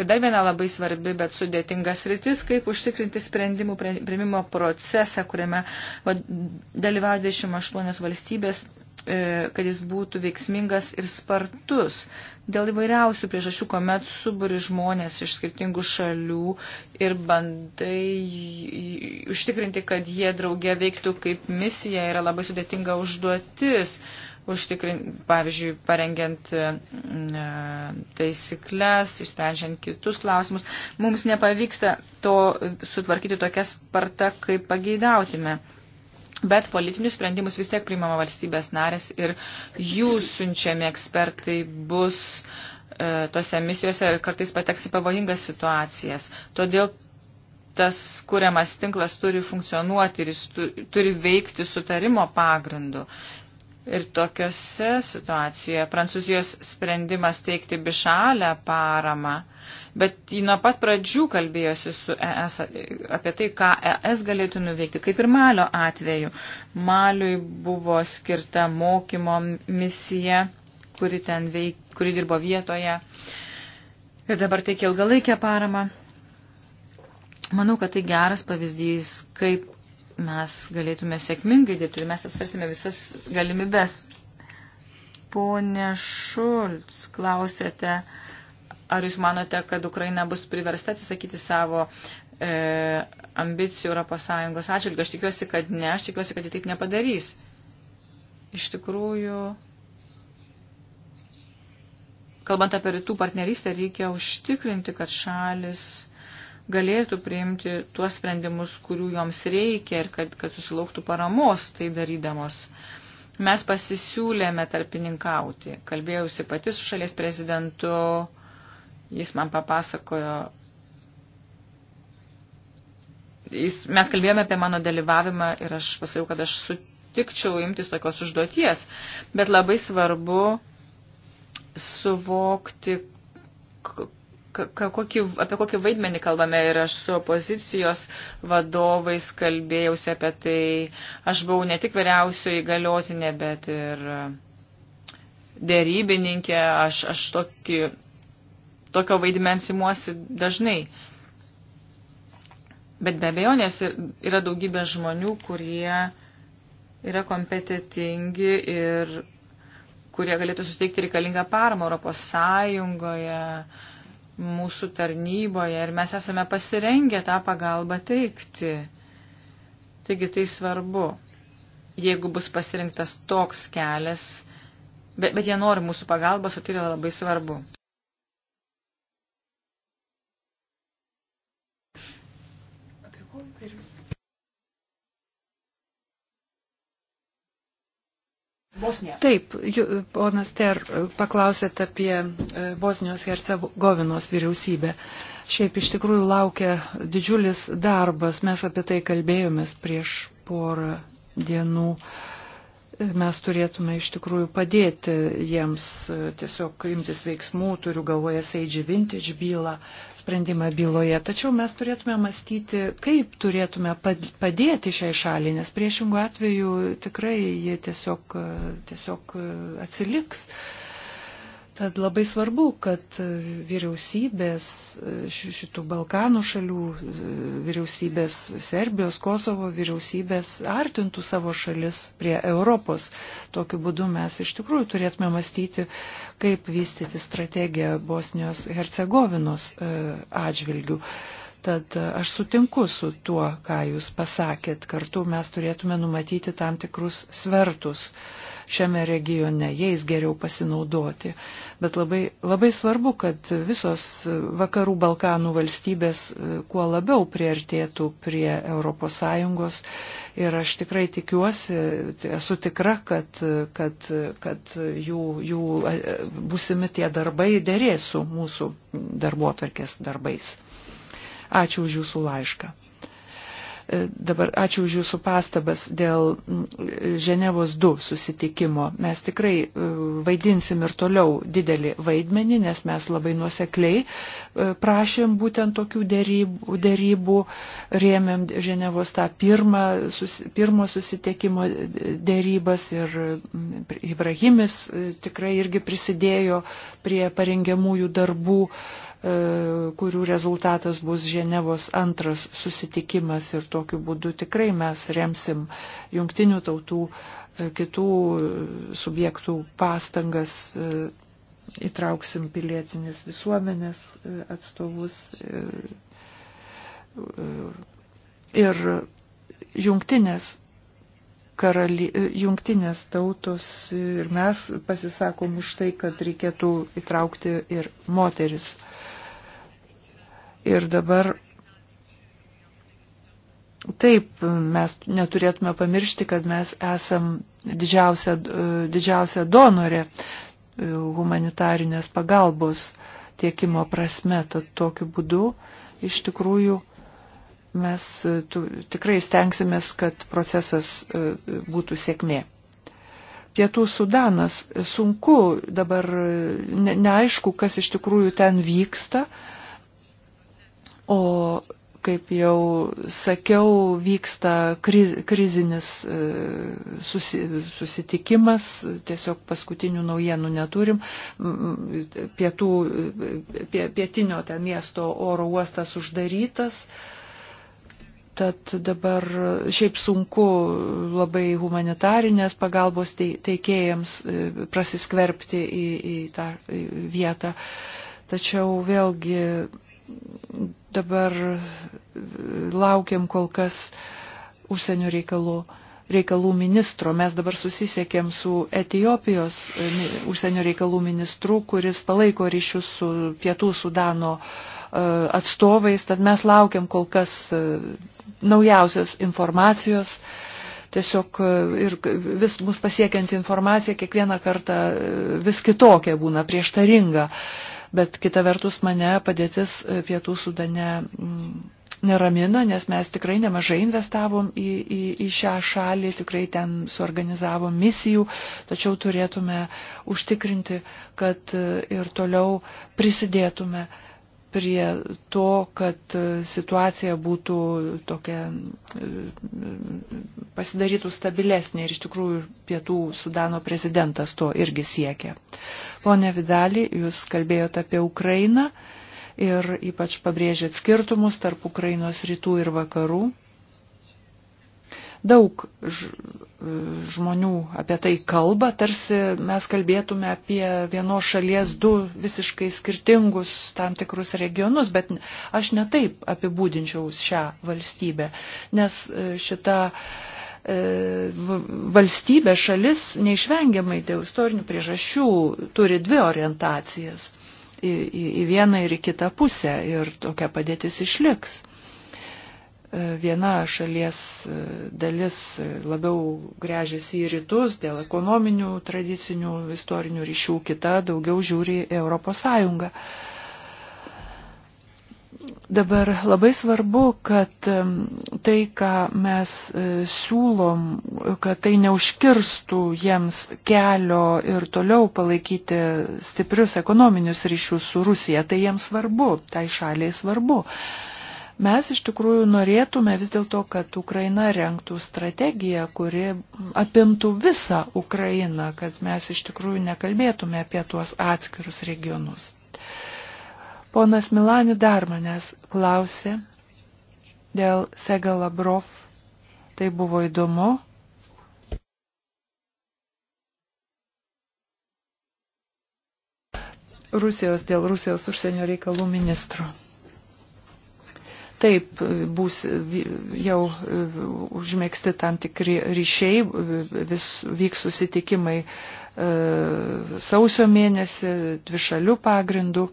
Speaker 1: Ir dar viena labai svarbi, bet sudėtingas rytis, kaip užtikrinti sprendimų prieimimo procesą, kuriame dalyvauja 28 valstybės E, kad jis būtų veiksmingas ir spartus. Dėl įvairiausių priežasčių, kuomet suburi žmonės iš skirtingų šalių ir bandai užtikrinti, kad jie drauge veiktų kaip misija, yra labai sudėtinga užduotis. Užtikrin, pavyzdžiui, parengiant e, taisyklės, išsprendžiant kitus klausimus, mums nepavyksta to sutvarkyti tokia sparta, kaip pageidautume. Bet politinius sprendimus vis tiek priimama valstybės narės ir jų siunčiami ekspertai bus e, tose misijose ir kartais pateks į pavojingas situacijas. Todėl tas kuriamas tinklas turi funkcionuoti ir jis tu, turi veikti sutarimo pagrindu. Ir tokiuose situacijoje Prancūzijos sprendimas teikti bišalę paramą bet jį nuo pat pradžių kalbėjosi su ES apie tai, ką ES galėtų nuveikti. Kaip ir Malio atveju. Maliui buvo skirta mokymo misija, kuri, ten veik, kuri dirbo vietoje ir dabar teikia ilgalaikę paramą. Manau, kad tai geras pavyzdys, kaip mes galėtume sėkmingai dirbti ir mes atsversime visas galimybes. Pone Šulc, klausėte, uh, Ar jūs manote, kad Ukraina bus priversta atsisakyti savo e, ambicijų ES atžvilgių? Aš tikiuosi, kad ne, aš tikiuosi, kad ji taip nepadarys. Iš tikrųjų, kalbant apie rytų partnerystę, reikia užtikrinti, kad šalis galėtų priimti tuos sprendimus, kurių joms reikia ir kad, kad susilauktų paramos tai darydamos. Mes pasisiūlėme tarpininkauti. Kalbėjausi pati su šalies prezidentu Jis man papasakojo, jis, mes kalbėjome apie mano dalyvavimą ir aš pasakiau, kad aš sutikčiau imtis tokios užduoties, bet labai svarbu suvokti, kokį, apie kokį vaidmenį kalbame ir aš su opozicijos vadovais kalbėjausi apie tai. Aš buvau ne tik vyriausioji galiotinė, bet ir dėrybininkė. Aš, aš tokį tokio vaidmens įmuosi dažnai. Bet be abejonės yra daugybė žmonių, kurie yra kompetitingi ir kurie galėtų suteikti reikalingą paramą Europos Sąjungoje, mūsų tarnyboje ir mes esame pasirengę tą pagalbą teikti. Taigi tai svarbu, jeigu bus pasirinktas toks kelias, bet, bet jie nori mūsų pagalbos, o tai yra labai svarbu.
Speaker 3: Bosniją. Taip, ponas Ter e, paklausėt apie e, Bosnijos Hercegovinos vyriausybę. Šiaip iš tikrųjų laukia didžiulis darbas, mes apie tai kalbėjomės prieš porą dienų. Uh, mes turėtume iš tikrųjų padėti jiems e, tiesiog imtis veiksmų, turiu galvoje Seidži Vintage bylą, sprendimą byloje. Tačiau mes turėtume mąstyti, kaip turėtume padėti šiai šaliai, nes priešingų atveju tikrai jie tiesiog, e, tiesiog e, atsiliks. Uh, Tad labai svarbu, kad e, vyriausybės e, šitų Balkanų šalių, e, vyriausybės Serbijos, Kosovo vyriausybės artintų savo šalis prie Europos. Tokiu būdu mes iš tikrųjų turėtume mąstyti, kaip vystyti strategiją Bosnijos Hercegovinos atžvilgių. E, Tad aš sutinku su tuo, ką Jūs pasakėt. Kartu mes turėtume numatyti tam tikrus svertus šiame regione, jais geriau pasinaudoti. Bet labai, labai svarbu, kad visos vakarų Balkanų valstybės e, kuo labiau priartėtų prie ES. Ir aš tikrai tikiuosi, esu tikra, kad, kad, kad jų, jų e, busimi tie darbai dėrės su mūsų darbuotvarkės darbais. Ačiū už jūsų laišką. E, dabar ačiū už jūsų pastabas dėl Ženevos 2 susitikimo. Mes tikrai e, vaidinsim ir toliau didelį vaidmenį, nes mes labai nuosekliai e, prašėm būtent tokių dėrybų, dėrybų rėmėm Ženevos tą pirmą, sus, pirmo susitikimo dėrybas ir Ibrahimis tikrai irgi prisidėjo prie parengiamųjų darbų E, kurių rezultatas bus Ženevos antras susitikimas ir tokiu būdu tikrai mes remsim jungtinių tautų e, kitų e, subjektų pastangas, įtrauksim pilietinės visuomenės atstovus ir jungtinės karali, jungtinės tautos ir mes pasisakom už tai, kad reikėtų įtraukti ir moteris. Ir dabar Taip, mes neturėtume pamiršti, kad mes esam didžiausia, didžiausia donorė e, humanitarinės pagalbos tiekimo prasme. Tad tokiu būdu iš tikrųjų mes e, tu, tikrai stengsimės, kad procesas e, būtų sėkmė. Pietų Sudanas sunku dabar ne, neaišku, kas iš tikrųjų ten vyksta. Uh, O kaip jau sakiau, vyksta kriz, krizinis e, susi, susitikimas, tiesiog paskutinių naujienų neturim. Pietų, pietinio ten miesto oro uostas uždarytas. Tad dabar šiaip sunku labai humanitarinės pagalbos teikėjams e, prasiskverbti į, į tą vietą. Tačiau vėlgi dabar laukiam kol kas užsienio reikalų, reikalų ministro. Mes dabar susisiekėm su Etijopijos e, užsienio reikalų ministru, kuris palaiko ryšius su Pietų Sudano e, atstovais, tad mes laukiam kol kas e, naujausios informacijos. Tiesiog ir vis mus pasiekianti informacija kiekvieną kartą vis kitokia būna, prieštaringa bet kita vertus mane padėtis e, pietų sudane neramina, nes mes tikrai nemažai investavom į, į, į šią šalį, tikrai ten suorganizavom misijų, tačiau turėtume užtikrinti, kad e, ir toliau prisidėtume prie to, kad e, situacija būtų tokia, e, pasidarytų stabilesnė ir iš tikrųjų pietų Sudano prezidentas to irgi siekia. Pone Vidalį, jūs kalbėjote apie Ukrainą ir ypač pabrėžėt skirtumus tarp Ukrainos rytų ir vakarų. Daug e, žmonių apie tai kalba, tarsi mes kalbėtume apie vienos šalies du visiškai skirtingus tam tikrus regionus, bet aš netaip apibūdinčiau šią valstybę, nes e, šita e, valstybė, šalis neišvengiamai dėl istorinių priežasčių turi dvi orientacijas į, į, į vieną ir į kitą pusę ir tokia padėtis išliks. E, viena šalies e, dalis e, labiau grežiasi į rytus dėl ekonominių, tradicinių, istorinių ryšių, kita daugiau žiūri į Europos Sąjungą. Dabar labai svarbu, kad tai, ką mes siūlom, kad tai neužkirstų jiems kelio ir toliau palaikyti stiprius ekonominius ryšius su Rusija, tai jiems svarbu, tai šaliai svarbu. Mes iš tikrųjų norėtume vis dėlto, kad Ukraina renktų strategiją, kuri apimtų visą Ukrainą, kad mes iš tikrųjų nekalbėtume apie tuos atskirus regionus. Ponas Milani dar manęs klausė dėl Segalabrov. Tai buvo įdomu, Rusijos dėl Rusijos užsienio reikalų ministro taip bus jau e, užmėgsti tam tikri ryšiai, vis vyks susitikimai e, sausio mėnesį, dvišalių pagrindų.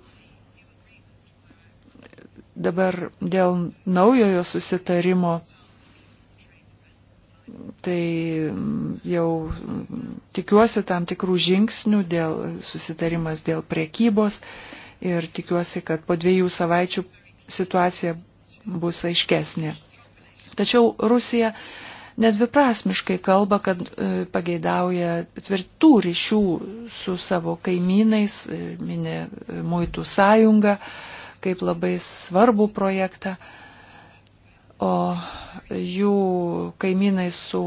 Speaker 3: Dabar dėl naujojo susitarimo tai mm, jau mm, tikiuosi tam tikrų žingsnių dėl susitarimas dėl priekybos ir tikiuosi, kad po dviejų savaičių situacija bus aiškesnė. Tačiau Rusija nedviprasmiškai kalba, kad e, pageidauja tvirtų ryšių su savo kaimynais, e, minė e, Muitų sąjungą kaip labai svarbų projektą, o jų kaimynai su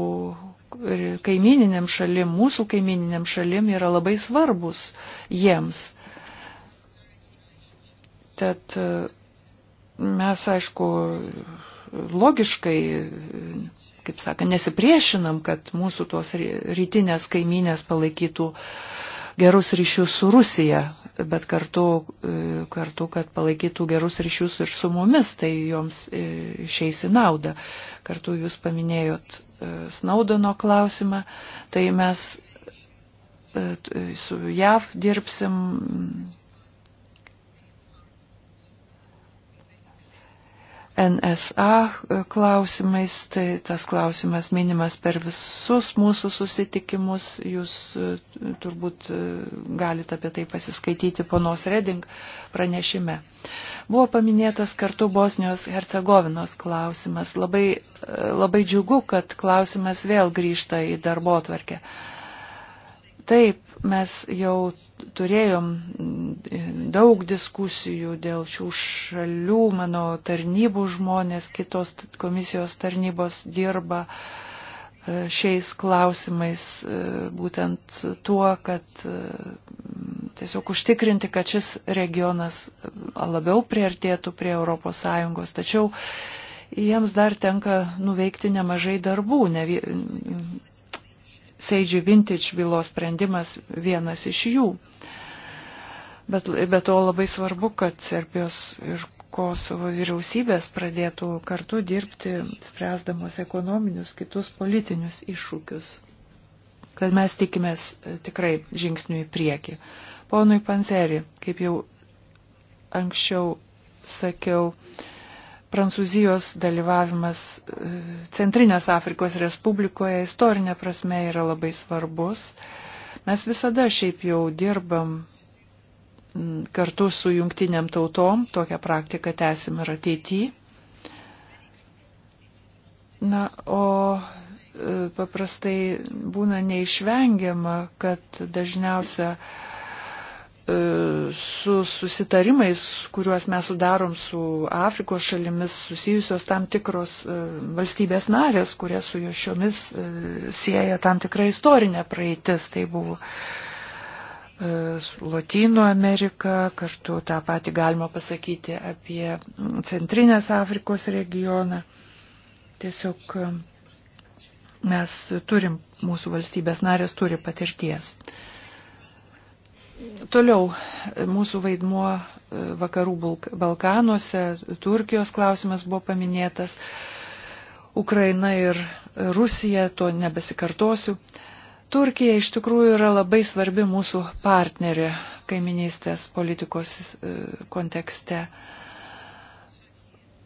Speaker 3: kaimininiam šalim, mūsų kaimininiam šalim yra labai svarbus jiems. Tad mes, aišku, logiškai, kaip sakant, nesipriešinam, kad mūsų tuos rytinės kaiminės palaikytų gerus ryšius su Rusija, bet kartu, e, kartu, kad palaikytų gerus ryšius ir su mumis, tai joms e, išeis į naudą. Kartu jūs paminėjot e, Snaudono klausimą, tai mes su JAV dirbsim NSA e, klausimais, tai tas klausimas minimas per visus mūsų susitikimus, jūs e, turbūt e, galite apie tai pasiskaityti ponos Reding pranešime. Buvo paminėtas kartu Bosnijos Hercegovinos klausimas. Labai, labai džiugu, kad klausimas vėl grįžta į darbo atvarkę. Taip, mes jau turėjom daug diskusijų dėl šių šalių, mano tarnybų žmonės, kitos komisijos tarnybos dirba e, šiais klausimais, e, būtent tuo, kad e, tiesiog užtikrinti, kad šis regionas labiau priartėtų prie ES. Tačiau jiems dar tenka nuveikti nemažai darbų. Ne, Seidžių Vintage bylos sprendimas vienas iš jų. Uh, Bet be to labai svarbu, kad Serbijos ir Kosovo vyriausybės pradėtų kartu dirbti, spręsdamos ekonominius, kitus politinius iššūkius. Kad mes tikimės e, tikrai žingsnių į priekį. Ponui Panzerį, kaip jau anksčiau sakiau, Prancūzijos dalyvavimas e, Centrinės Afrikos Respublikoje istorinė prasme yra labai svarbus. Mes visada šiaip jau dirbam Mm, kartu su jungtiniam tautom tokią praktiką tęsim ir ateityje. Na, o e, paprastai būna neišvengiama, kad dažniausia e, su susitarimais, kuriuos mes sudarom su Afrikos šalimis, susijusios tam tikros e, valstybės narės, kurie su jo šiomis sieja tam tikrą istorinę praeitis. Tai buvo E, Latino Ameriką, kartu tą patį galima pasakyti apie Centrinės Afrikos regioną. Tiesiog e, mes turim, mūsų valstybės narės turi patirties. Toliau e, mūsų vaidmuo vakarų Balkanuose, Turkijos klausimas buvo paminėtas, Ukraina ir Rusija, to nebesikartosiu. Turkija iš tikrųjų yra labai svarbi mūsų partnerė kaiminystės politikos e, kontekste.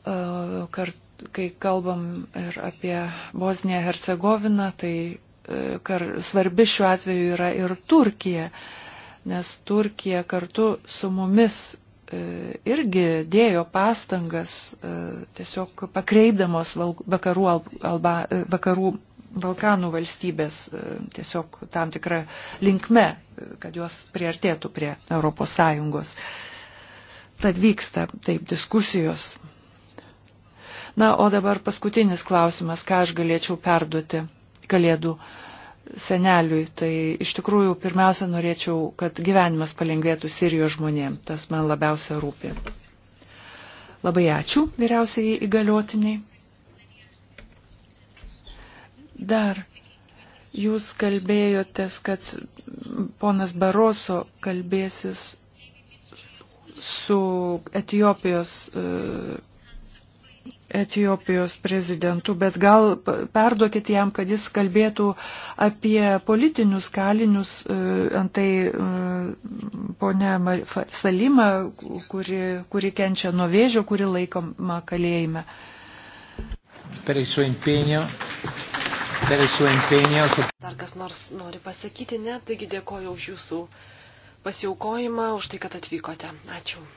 Speaker 3: E, kai kalbam ir apie Bosniją Hercegoviną, tai e, kar, svarbi šiuo atveju yra ir Turkija, nes Turkija kartu su mumis irgi dėjo pastangas tiesiog pakreipdamos vakarų, alba, vakarų Balkanų valstybės e, tiesiog tam tikrą linkme, e, kad juos priartėtų prie Europos Sąjungos. Tad vyksta taip diskusijos. Na, o dabar paskutinis klausimas, ką aš galėčiau perduoti kalėdų seneliui. Tai iš tikrųjų pirmiausia norėčiau, kad gyvenimas palengvėtų Sirijos žmonėm. Tas man labiausia rūpi. Labai ačiū vyriausiai įgaliotiniai. Dar jūs kalbėjotės, kad ponas Baroso kalbėsis su Etijopijos, Etijopijos prezidentu, bet gal perduokit jam, kad jis kalbėtų apie politinius kalinius, e, antai e, ponia Salima, kuri, kuri kenčia nuo vėžio, kuri
Speaker 2: laikoma kalėjime.
Speaker 3: Per il suo impegno per il suo impegno.
Speaker 2: Dar kas nors nori pasakyti, ne, taigi dėkoju už jūsų pasiaukojimą, už tai, kad atvykote. Ačiū.